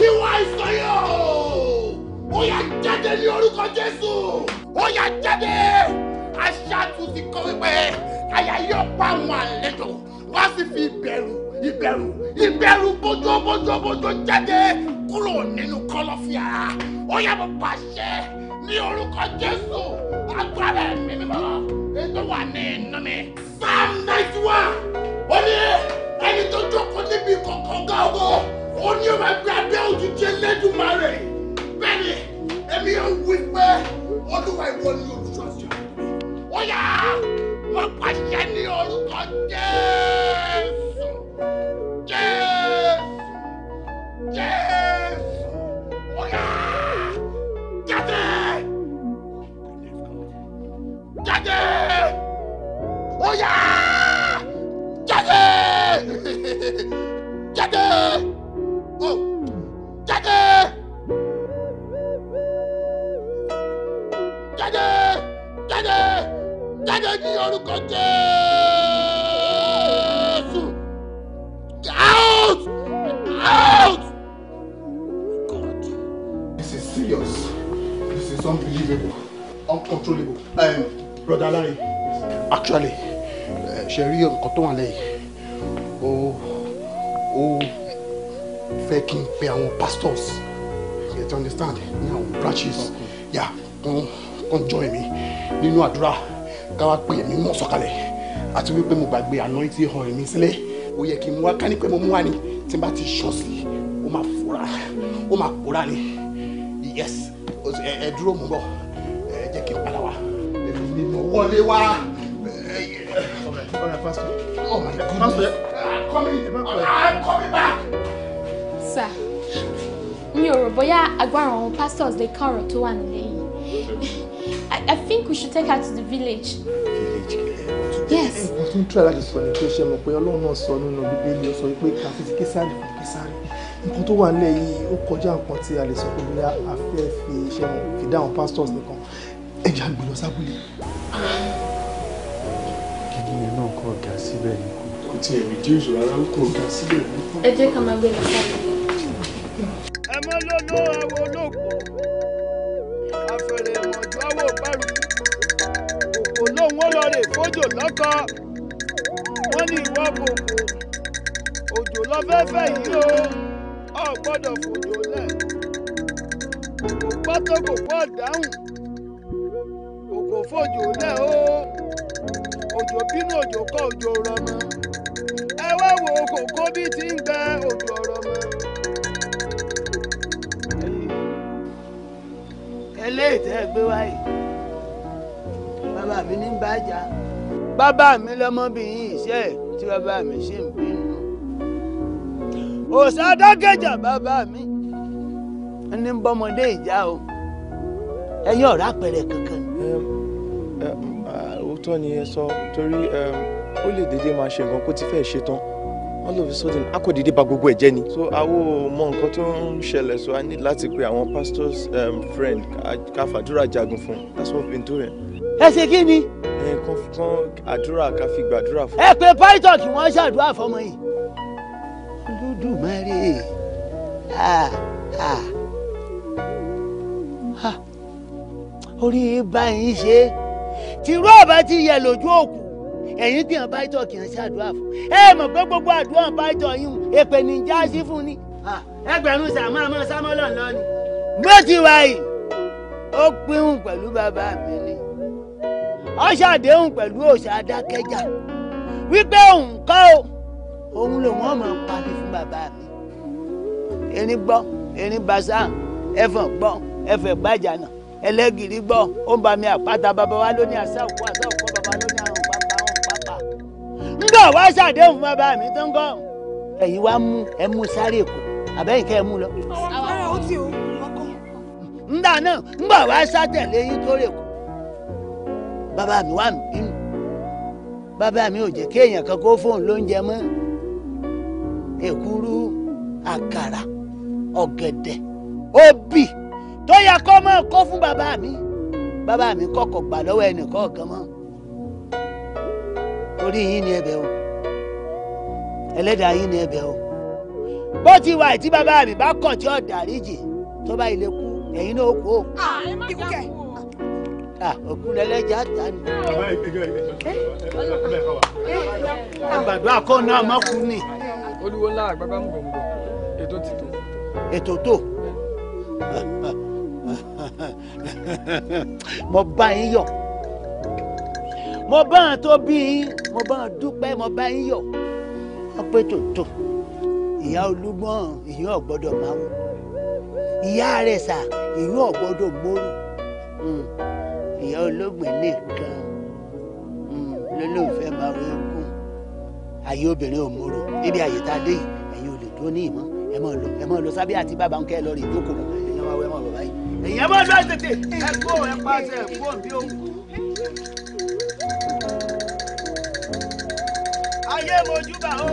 ìwà ìsọyọ ó yá jáde ní orúkọ jésù ó yá jáde àṣà tún ti kọ́ wípé àyà yóò pa àwọn àlejò wá sí fi bẹ̀rù ìbẹ̀rù ìbẹ̀rù bójóbójóbójó jáde kúrò nínú kọ̀lọ̀fín ara ó yá mo pàṣẹ ní orúkọ Jésù agbára ẹ̀mí mímọ́ ètò wà ní inú mi. psalm ninety one ó ní ẹni tó jókòó níbi kọ̀ọ̀kan gáwó ó ní ọmọ ẹgbẹ́ abẹ́ òjijì Elédùmarè bẹ́ẹ̀ ni èmi yóò wí pé olúwa ìwọ ni olùṣọ́ṣọ́ ó yá mo pàṣẹ ní orúkọ Jésù. Jade, Jade, Jade, ní orúkọ Jésù. unbelievable uncontrollable um, brother Larry actually eh, ṣe rí nǹkan tó wà lẹ́yìn ó ó fẹ́ kí n pe àwọn pastors you to understand ní àwọn branches yà kún kún join mi nínú àdúrà káwá pé èmi mọ̀ sọ̀kalẹ̀ àti wípé mo gbàgbé anointing hàn èmi sílẹ̀ ó yẹ kí n wá ká ní pé mo mú wá ni tí n bá ti ṣọ̀ sí ó máa fura ó máa kóra ni yes ẹ dúró mú bọ̀ ẹ jẹ́ kí n padà wá èmi mo wọlé wá. ọ̀rẹ́ pásítọ̀ oh my goodness pásítọ̀ I'm coming back. sir mi ò rò bóyá agbára àwọn pastors lè kàn ọ̀rọ̀ tó wà nílé yìí I think we should take her to the village. village yes. ẹ ẹ mo tún tún ẹ láti sọ ní pé ṣe mọ̀ pé Ọlọ́run náà sọ nínú Bíbélì ó sọ pé ká fi ti Késárì fún nǹkan tó wà nílẹ̀ yìí ó kọjá nǹkan tí a lè sọ pé bóyá a fẹ́ fi iṣẹ́ wọn fi dáhùn pastors nìkan ẹ jà gbé lọ sábúlé. kíni ẹ náà kọ ọ̀gá síbẹ̀ ni kò tiẹ̀ reduce rárá ó kọ ọ̀gá síbẹ̀ ni. ẹ jẹ́ ká máa gbé lọ ẹ mọ lọ́lọ́ àwọn olóògùn àfẹ̀rẹ̀ ìwọ̀njú àwọn òbárù olóhùn ó lọ rè fójò lọ́kọ́ wọ́n ní ìwọ́ gbòǹgbò òjò lọ́fẹ́fẹ́ yìí ọ gbọ́dọ̀ fòjò lẹ̀ pátó kò pọ̀ dáhùn òkò fòjò lẹ̀ o òjò bínú òjò kọ́ òjò rọmọ ẹ wá wo kòkó bí ti ń gbẹ òjò rọmọ. eléyìí tẹ́ ẹ gbé wáyé bàbá mi ní bàjá bàbá mi lọ́mọbìnrin iṣẹ́ tí bàbá mi ṣì ń bí òòṣà adákẹ́jà bàbá mi ní bọ́mọdé ìjà o ẹ̀yin ọ̀rá pẹ̀rẹ̀ kankan. òótọ́ ni ẹ sọ torí ó lè dédé máa ṣe nǹkan kó ti fẹ́ ṣe tán all of a sudden a kò dédé bà gbogbo ẹ̀ jẹ́ ni. so àwo mọ nǹkan tó ń ṣẹlẹ̀ so a ní láti pe àwọn pastors um, friend ká fàdúrà jagun fún that's what we been doing. ẹ ṣe kí ni. ẹ kàn fún àdúrà ká fi gbàdúrà fún. ẹ pe python kí wọ́n ṣàdúrà fọmọ yìí. Olódùmarè orí báyìí ṣe tìrú ọba ti yẹ lójú òkú ẹ̀yìn tí wọn bá tọ̀ kì í ṣàdúrà fún ẹ mọ̀ pé gbogbo àdúrà wọn bá tọ̀ yín èpè níjà sí fún ni ẹgbẹ̀rún sàmọ́ àmọ́ sámọ́lọ̀ lọ ni bó ti wà yìí ó pínhùn pẹ̀lú bàbá mi ni ó ṣàdéhùn pẹ̀lú òṣà adákẹ́jà wípé òun kọ́ ò òun lòun ọmọ pa mí fún bàbá mi erin gbọ́ erin basa ẹfọ̀n gbọ́ ẹfẹ̀ gbàjà náà ẹlẹ́gìrì gbọ́ ó ń ba mi àpáta bàbá wa lóní àṣà òkú àṣà òkú bàbá lóní àrùn pápá àrùn pápá. ń gbọ́ wá ṣàdéhùn bàbá mi tó ń gọ́ ẹ̀yin wá mú ẹ mú sáré èkó àbẹ́yìn ká ẹ mú lọ. àwọn ọ̀rẹ́ ó ti òun lọ́kàn. ńgbà náà ńgbà wá sátẹ̀lé yín tó rè kú. bàbá mi wà mí bínú bàbá mi ò jẹ́ kéèyàn kan kó fóun lóúnjẹ mọ́ èkúrú àkàrà ọ̀gẹ̀dẹ̀ obì tó yẹ kó máa kó fún bàbá mi bàbá mi kọ́kọ́ gbà lọ́wọ́ ẹnìkọ̀ọ̀kan mọ́ torí yín ni ẹ̀bẹ̀ o ẹlẹ́dàá yín ni ẹ̀bẹ̀ o bó ti wà tí bàbá mi bá kàn tí ó dáríjì tó bá ilé kú ẹ̀yin náà kú o. òkú lẹlẹ́jà ta ni. gbàdúrà kọ́ náà má kú ni olúwo ńlá àgbàgbà mùgọ̀mùgọ̀ ètò ti ètò tó mo bá yín yọ̀ mo bá hàn tó bí yín mo bá hàn dúpẹ́ mo bá yín yọ̀ wọ́n pé tòótò ìyá olúgbọ́n ìyún ọ̀gbọ́dọ̀ máa wù ìyá rẹ̀ sà ìyún ọ̀gbọ́dọ̀ gbòòrò hmm. ìyá olóògbé nìkan hmm. lólùfẹ́ máa wù ayé obìnrin ò mòrò níbi àyè tá a dé yìí ẹ̀yin ò lè dúró ní ìmọ̀ ẹ mọ̀ lọ ẹ mọ̀ lọ sábẹ́ àti bàbá ń kẹ́ ẹ lọ rí ìdókòwò ẹ̀yin wá wẹ́ mọ̀ bàbá yìí. ẹ̀yin ẹ mọ̀ lọ tètè ẹ kó ẹ pàṣẹ ẹ kó mi ò. ayé mojúbà ó.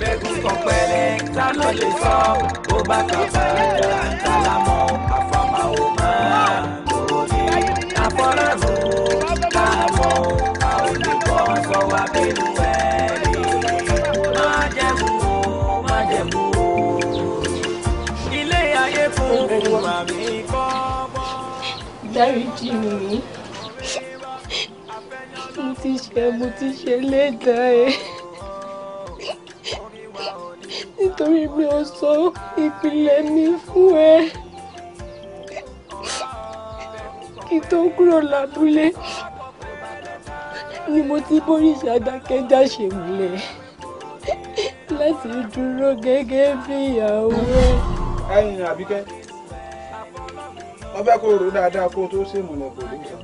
bẹ́ẹ̀kún kọ̀pẹ́lẹ́ ta ló lè sọ bó bá kàn fàájà ta la mọ̀ àfọ̀mọ́ máa lórí àfọ̀rọ̀ dáríjì mi mo ti ṣe mo ti ṣe lẹ́dàá ẹ nítorí mi ò sọ ìpìlẹ̀ mi fún ẹ kí tó kúrò lábúlé ni mo ti bóríṣà dákẹ́já ṣe múlẹ̀ láti dúró gẹ́gẹ́ bí ìyàwó ẹ. ẹ̀yin Àbíkẹ́ wọ́n fẹ́ kó dáadáa kó tó ṣe ìmọ̀lẹ̀ kò lè sọ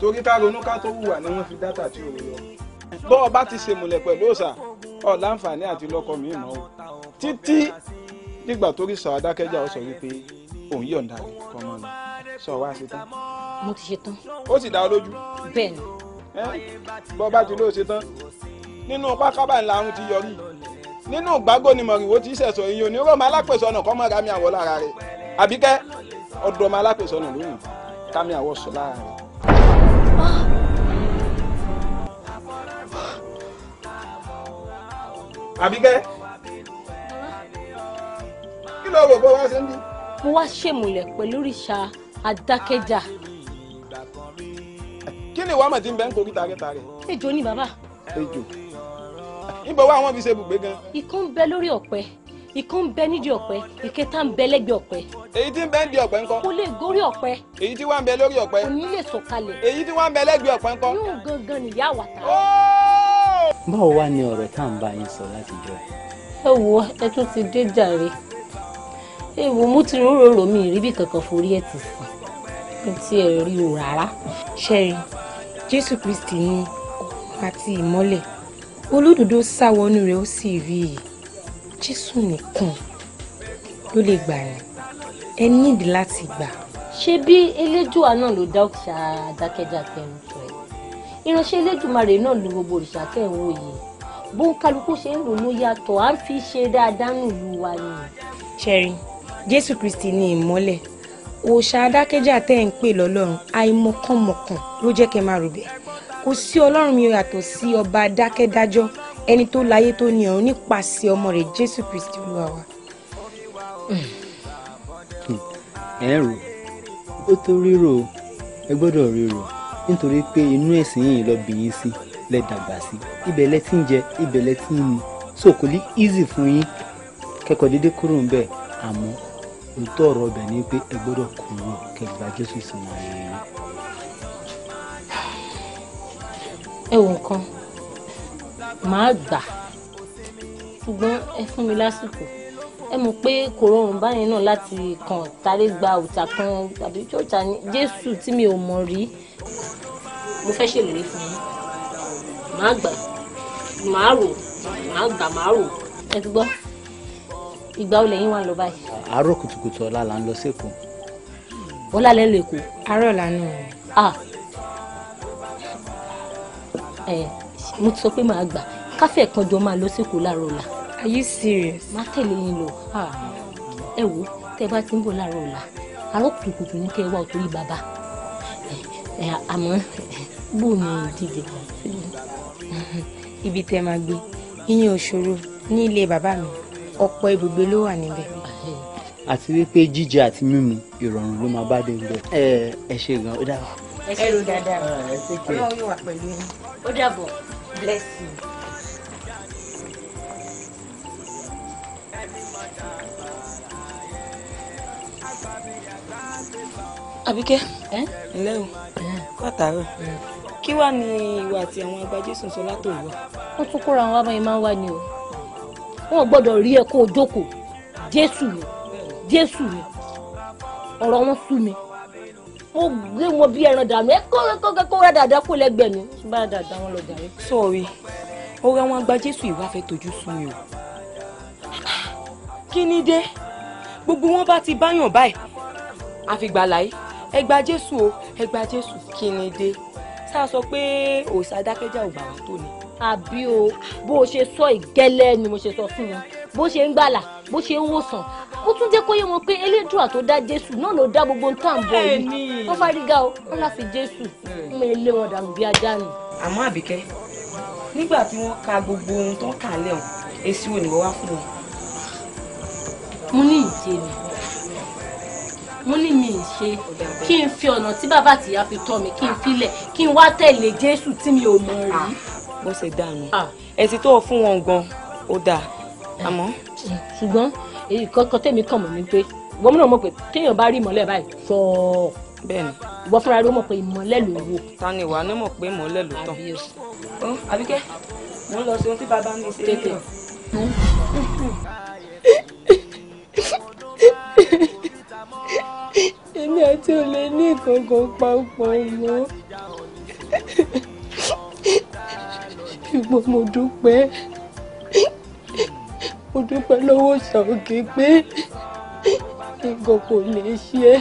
torí ká ronú ká tó wùwà ni wọ́n fi dátà tí ò lọ bọ́ ọ ti ṣe ìmọ̀lẹ̀ pẹ̀lú òòṣà ọ̀ láǹfààní àti lọ́kọ mi mọ́ o títí nígbà tó sọ adákẹ́jà ó sọ wípé òun yọ̀ǹda rẹ̀ kọ́mọ lọ sọ wá ṣe tán. mo ti ṣe tán. ó sì dá ọ lójú. bẹ́ẹ̀ ni. bọ́ ọ ti lóò ṣe tán nínú pákábà ńlá àrùn ti yọrí nínú gbágbó ni mọ̀rìnwó ti ṣẹ̀sọ̀ èyí onírọ̀mọ́ alápèsè ọ̀nà kọ́mọ́ra mi àwọ̀ lára rẹ̀ àbíkẹ́ ọ̀dọ̀ ọmọ alápèsọ́nù lónìí kámi àwọ̀ sọ láàrin. àbíkẹ́ kí ló rò pé wá ṣe ń bí. mo wá ṣèmùlẹ̀ pẹ̀lú òrìṣà adákẹ́jà. kí ni ìwà mọ̀ tí ń bẹ ń korí taríta rẹ̀. ejò ni bàbá. ejò níbo wá wọn fi ṣe ibùgbé gan. ikú ń bẹ lórí ọ̀pẹ ìkan ń bẹ nídìí ọ̀pẹ ìkẹta ń bẹ lẹ́gbẹ̀ẹ́ ọ̀pẹ. èyí tí ń bẹ nídìí ọ̀pẹ ńkọ́. kò lè gorí ọ̀pẹ. èyí tí wọ́n ń bẹ lórí ọ̀pẹ. kò ní lè sọ̀kalẹ̀. èyí tí wọ́n ń bẹ lẹ́gbẹ̀ẹ́ ọ̀pẹ ńkọ́. yóò gangan nìyá àwàtà. báwo wá ni ọ̀rọ̀ tá à ń bá yín sọ látijọ́. ẹ wo ẹ tún ti dé jàre ẹ wo mú ti rún ròrò mi ìríbí kankan forí ẹ ti sìn mi ti ẹ rí o rárá. ṣẹ́rin jésù kristi ni àti ìmọ́lẹ̀ olódodo sá rẹ̀ ó sì rí i jésù nìkan ló lè gbà yín ẹ nídìí láti gbà. ṣé bí elédùà náà ló dá òkè àdákẹ́jà kẹrin tó ẹ ìránṣẹ́ elédùmarè náà lu gbogbo òrìṣà kẹrin òye bó ń kálukú ṣe ń lò ló yàtọ̀ à ń fi ṣe dáadáa nílùú wa ni. ṣẹ́rin jésù kristi ni ìmọ́lẹ̀ òòṣà adákẹ́jà tẹ́ ń pè lọ́lọ́run àìmọ̀kànmọ̀kàn ló jẹ́ kẹ́ máa rò bẹ́ẹ̀ kò sí ọlọ́run mi yàtọ̀ sí ọba dákẹ́dájọ́ ẹni tó láyé tó ní ọ̀run nípasẹ̀ ọmọ rẹ̀ jésù kristi olúwa wa. Hmm. ẹ rò ó tó ríro ẹ gbọ́dọ̀ ríro nítorí pé inú ẹ̀sìn yìí lọ bí yín sí sí ibẹ̀ lẹ ti ń jẹ ibẹ̀ lẹ ti ń so kò ní easy fún yín kẹ́kọ̀ọ́ kúrò ń bẹ̀ àmọ́ òótọ́ ọ̀rọ̀ ọbẹ̀ ni pé ẹ gbọ́dọ̀ kúrò kẹgbà jésù ẹ wò màá gbà ṣùgbọ́n ẹ fún mi lásìkò ẹ mọ̀ pé kò rọrùn báyìí náà láti kàn tàrí gba òòtà kan àbí tí òòtà ni jésù tí mi ò mọ̀ rí mo fẹ́ ṣèlérí fún yín màá gbà màá rò màá gbà màá rò ẹ ti gbọ́ ìgbà olè yín wà lọ báyìí. àárọ̀ kùtùkùtù ọ̀la là ń lọ sí ọ̀la lẹ́ èkó. àárọ̀ là ń lọ. ẹ mo ti sọ pé màá gbà káfíẹ̀ kan jọ máa lọ síkò láàárọ̀ ọ̀la. are you serious. má tẹ̀lé yín lọ ah. ẹ wo tẹ bá ti ń bọ̀ láàárọ̀ ọ̀la àárọ̀ kùtùkùtù ní kẹ́ ẹ wá òtórí bàbá àmọ́ bò ní ìdíje ibi tẹ máa gbé ìyẹn òṣòro ní ilé bàbá mi ọ̀pọ̀ ibùgbé ló wà níbẹ̀. àti wípé jíjẹ àti mímu ìrọ̀rùn ló máa bá dé ń bẹ. ẹ ṣe gan ó dàbọ̀. ẹ ṣe dáadáa ọlọ́run yóò wà pẹ̀lú yín ó dàbọ̀. Bless you. Àbíkẹ́ ǹlẹ́ o látàárọ̀ mm. kí wàá ní ìwà àti àwọn àgbà Jésù sọ látòwúrọ̀. wọ́n tún kóra àwọn abáyé máa ń wá ni o wọn gbọ́dọ̀ rí ẹ kó o jókòó Jésù mi Jésù mi ọ̀rọ̀ wọn sú mi mo gbé wọn bí ẹran dànù ẹ kó kó kó rẹ dàda kó lẹ́gbẹ̀ẹ́ mi ṣùgbọ́n bá dàda wọn lọ dàrí. sọ̀rí ọ̀rẹ́ wọn gba jésù ìwà fẹ́ tójú sùn mi o. kí ni dé gbogbo wọn bá ti báyàn báyìí àfìgbà láyé ẹ gba jésù o ẹ gba jésù kí ni dé sáà sọ pé òòṣà dákẹ́jà ò gbà wá tó ni àbí o bó o ṣe sọ ìgẹ́lẹ́ ni mo ṣe sọ fún wọn bó ṣe ń gbàlà bó ṣe ń wòsàn ó tún jẹ́ kó yé wọn pé elédùà tó dá jésù náà ló dá gbogbo nǹkan àbọ̀ yìí wọ́n fárígá o wọ́n láfi jésù wọ́n lé wọn dànù bí ajá nù. àmọ́ àbíkẹ́ nígbà tí wọ́n ka gbogbo ohun tó ń kà lẹ́hìn èsì wo ni wọ́n wá fún wọn. mo ní ìṣe ni mo ní mi ì ṣe kí n fi ọ̀nà tí bàbá àtìyá fi tọ́ mi kí n filẹ̀ kí n wá tẹ̀lé jésù tí mi ò mọ̀ rí bó ṣe dànù ah. ẹ̀sìn tó fún wọn gan ó dáa àmọ́. ṣùgbọ́n èyí kọ́kọ́ tẹ̀mí kàn mọ́ ni pé ìwọ́n náà mọ̀ pé téèyàn bá rí ìmọ̀lẹ̀ báyìí sọ̀ọ́ bẹ́ẹ̀ni ìwọ fúnra rẹ mọ̀ pé ìmọ̀lẹ̀ ló wò. ta ni ìwà ni mọ̀ pé ìmọ̀lẹ̀ ló tàn. àbíkẹ́ mo ń lọ sí ohun tí bàbá mi ṣe é èmi àti olè ní ìkọ̀ọ̀kan papọ̀ mọ́ ṣùgbọ́n mo dúpẹ́ mo dúpẹ́ lọ́wọ́ ṣàǹkì pé nǹkan kò lè ṣe é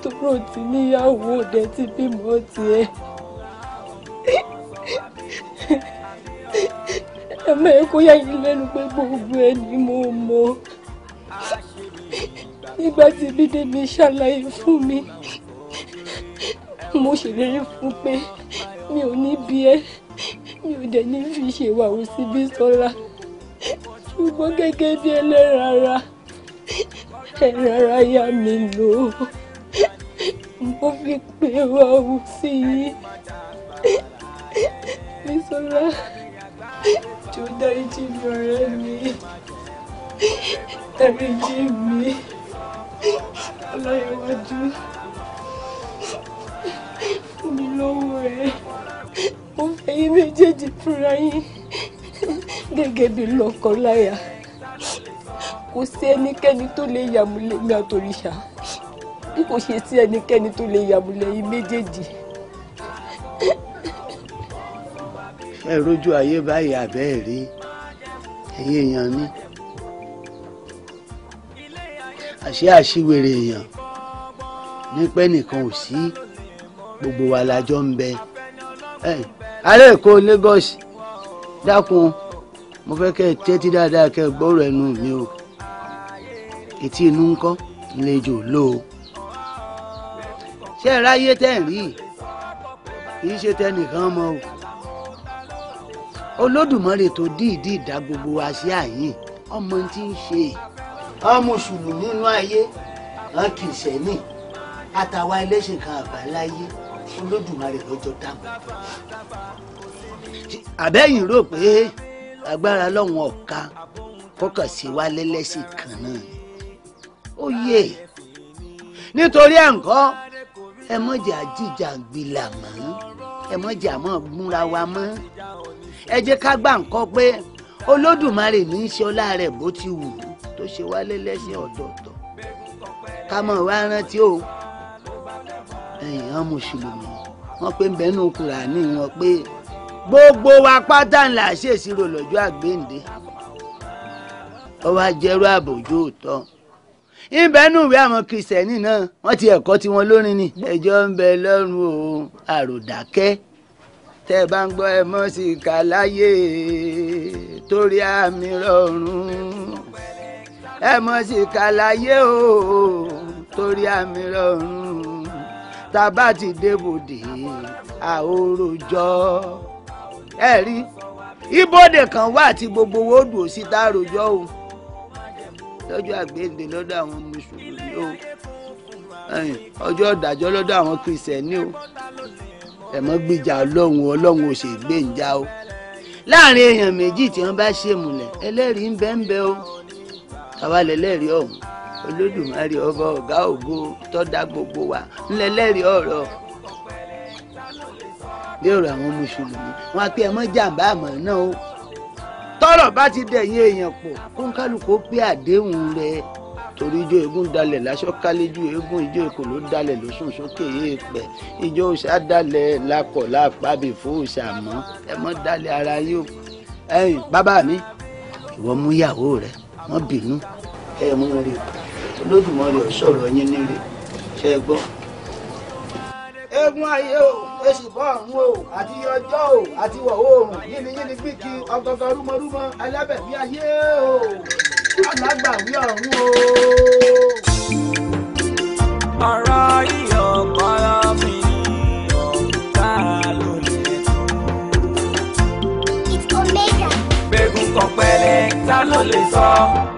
tóró ti níyàwó òde ti bímọ tiẹ̀ ẹmọ ẹkọ yà yín lẹ́nu pé gbogbo ẹ ni mo mọ̀ nígbà tí bídèmí ṣàlàyé fún mi mo ṣèlérí fún pé mi ò ní bí ẹ mi ò dẹ̀ ní fi ṣèwà òun sí bí sọ́ra ṣùgbọ́n gẹ́gẹ́ bí ẹlẹ́rara ẹ̀rara ya mi lò ó mo fi pè wá òun sí i bí sọ́ra tó dáríjì mi ọ̀rẹ́ mi dáríjì mi ọlọ́yẹ̀wájú lọ́wọ́ ẹ̀ mo fẹ́ yín méjèèjì fúnra yín gẹ́gẹ́ bí lọ́kọláya kò sí ẹnikẹ́ni tó lè yàmúlẹ̀ mi àtòrìṣà bí kò ṣe sí ẹnikẹ́ni tó lè yàmúlẹ̀ yín méjèèjì. ẹ rojú ayé báyìí àbẹ́ ẹ̀ rí ẹ̀yin èèyàn mi àṣé àṣìwèrè èèyàn ní pẹ́ nìkan ò sí. Si gbogbo wa la jọ ń bẹ ará èkó Lagos dákun mo fẹ́ kẹ́ ẹ tẹ́tí dáadáa kẹ́ ẹ gbọ́rọ̀ ẹnu mi o etí inú ńkọ́ ńlejò ló o ṣé ẹ ráyé tẹ́ ń rí kì í ṣe tẹnìkan mọ́ o olódùmarè tó dìídì dá gbogbo wa sí àyìn ọmọ tí ń ṣe ọmọ mùsùlùmí nínú ayé wọn kìí àtàwa ẹlẹ́sìn kan àbáláyé olódùmarè lọ́jọ́ dàgbà. àbẹ́yìn rò pé agbára lọ́hùn ọ̀ka kọ́kàn sí wa lẹ́lẹ́sìn kan náà ni ó yẹ nítorí ẹ̀ ń kọ́ ẹ mọ̀jà jíjà gbilà mọ́ ẹ mọ̀jà mọ́ múra wa mọ́ ẹ jẹ́ ká gbà ń kọ́ pé olódùmarè ní í ṣe ọlá rẹ̀ bó ti wù ú tó ṣe wá lẹ́lẹ́sìn ọ̀tọ̀ọ̀tọ̀ ká mọ̀ wá rántí o ẹ̀yàn mùsùlùmí wọ́n pé ń bẹ́nu kùránì wọn pé gbogbo wa pátá ńlá ṣèṣirò lọ́jọ́ àgbéǹde ọwọ́ ajẹ́rú àbòjú òótọ́ ìbẹ́nu ìwé àwọn kìrìsìtẹ́nì náà wọ́n ti ẹ̀kọ́ tiwọn lórin ni ẹjọ́ ń bẹ lọ́rùn o àròdàkẹ́ tẹ́ ẹ bá ń gbọ́ ẹ mọ́ sí ìka torí àmì rọrùn ẹ mọ́ sí ìka o torí àmì rọrùn tá a bá ti débòde àhórójọ́ ẹ rí ibodè kan wà tí gbogbo owó dùn sí tá a rojọ́ o lọ́jọ́ àgbéǹde lọ́dọ̀ àwọn mùsùlùmí o ọjọ́ ìdájọ́ lọ́dọ̀ àwọn kìrìsìtẹ́nì o ẹ̀mọ́ gbìjà ọlọ́run ọlọ́run ò sì gbé ń já o láàrin èèyàn méjì tí wọ́n bá ṣèmùlẹ̀ ẹlẹ́rìí ń bẹ́ẹ̀ ń bẹ́ẹ̀ o àwa lẹ́lẹ́rìí ọ̀hún olódùmarè ọba ọ̀gá ògo tọ́dá gbogbo wa ńlẹ́lẹ́rìí ọ̀rọ̀ bí ọ̀rọ̀ àwọn mùsùlùmí wọn pe ẹmọ jàǹbá àmọ́ náà o tọ́rọ̀ bá ti dẹ̀yìn èèyàn pọ̀ kó ń kálukú pé àdéhùn rẹ̀ torí ijó eégún dalẹ̀ láṣọ kálẹ́jú eégún ijó èkó ló dalẹ̀ lóṣùn sókè èèpẹ̀ ijó òṣà dalẹ̀ lakọ̀ lápábì fún òṣà mọ́ ẹ mọ́ dalẹ̀ ara yìí o ẹ̀yin bàbá mi ìwọ mú ìyàwó rẹ mọ́ bínú ẹ mú rí o. Olódùmarè ò sọ̀rọ̀ yín nílé ṣe é gbọ́. eégún ayé o èsì bọ́ o àti ọjọ́ o àti wọ̀ oòrùn yínníyínní gbígi ọ̀gọ̀gọ̀ rúmọrúmọ alábẹ̀bí ayé o alágbàwí ọ̀run o. ọ̀rọ̀ iyọ̀ kọ́ra mi. ta ló lè sọ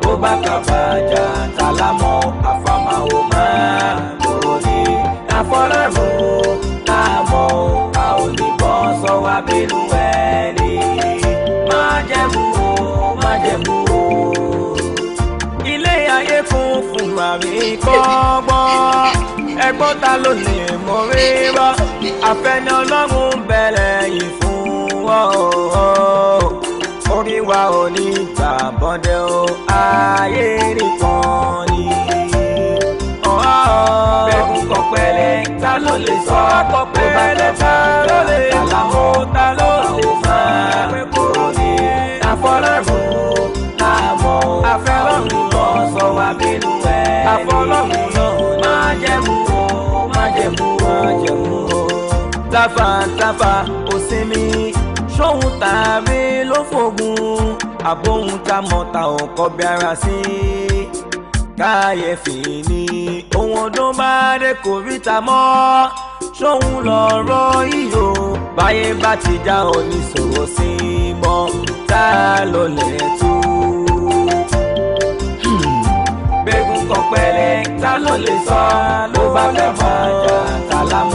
bó bá kàfà jà sálámọ́ àfàmáwò máa dúró ní àfọ́rẹ́rùn àmọ́ a ò ní bọ́ sọ wá bínú ẹni má jẹ̀mú o má jẹ̀mú o. ilé ayé kún fún màmí kọ́gbọ́n ẹgbọ́n ta ló lè mọ̀ rí rọ́ àfẹnẹ́ bẹ̀rẹ̀ ìfẹ́. ọ̀dẹ̀ o ayé nìkan ni. bẹ́ẹ̀kú kọ̀pẹ́lẹ́ ta ló lè sọ kọ̀pẹ́lẹ́ ta ló lè lámọ́ ta ló lè fà pẹ́ kúrò ní. àfọlọ́run àmọ́ àfẹ́lọ́run lọ sọ wá bínú ẹ̀ àfọlọ́run náà máa jẹ́ o máa jẹ́ o máa jẹ́ o. tafa tafa kò sinmi ṣóhun tàbí ló fògùn àbóhun tá mọ̀ ta ò kọbi ara sí káyẹ̀fì ni ohun ọdún bá dé kò rí ta mọ́ ṣóun lọ̀rọ̀ iyò báyé bá ti já òní sọ̀rọ̀ sí mọ́ tá a lọ lẹ̀ tú. Hmm. bẹ́gùn kan ta ló lè sọ ló bá fẹ́ máa jà tá lámú.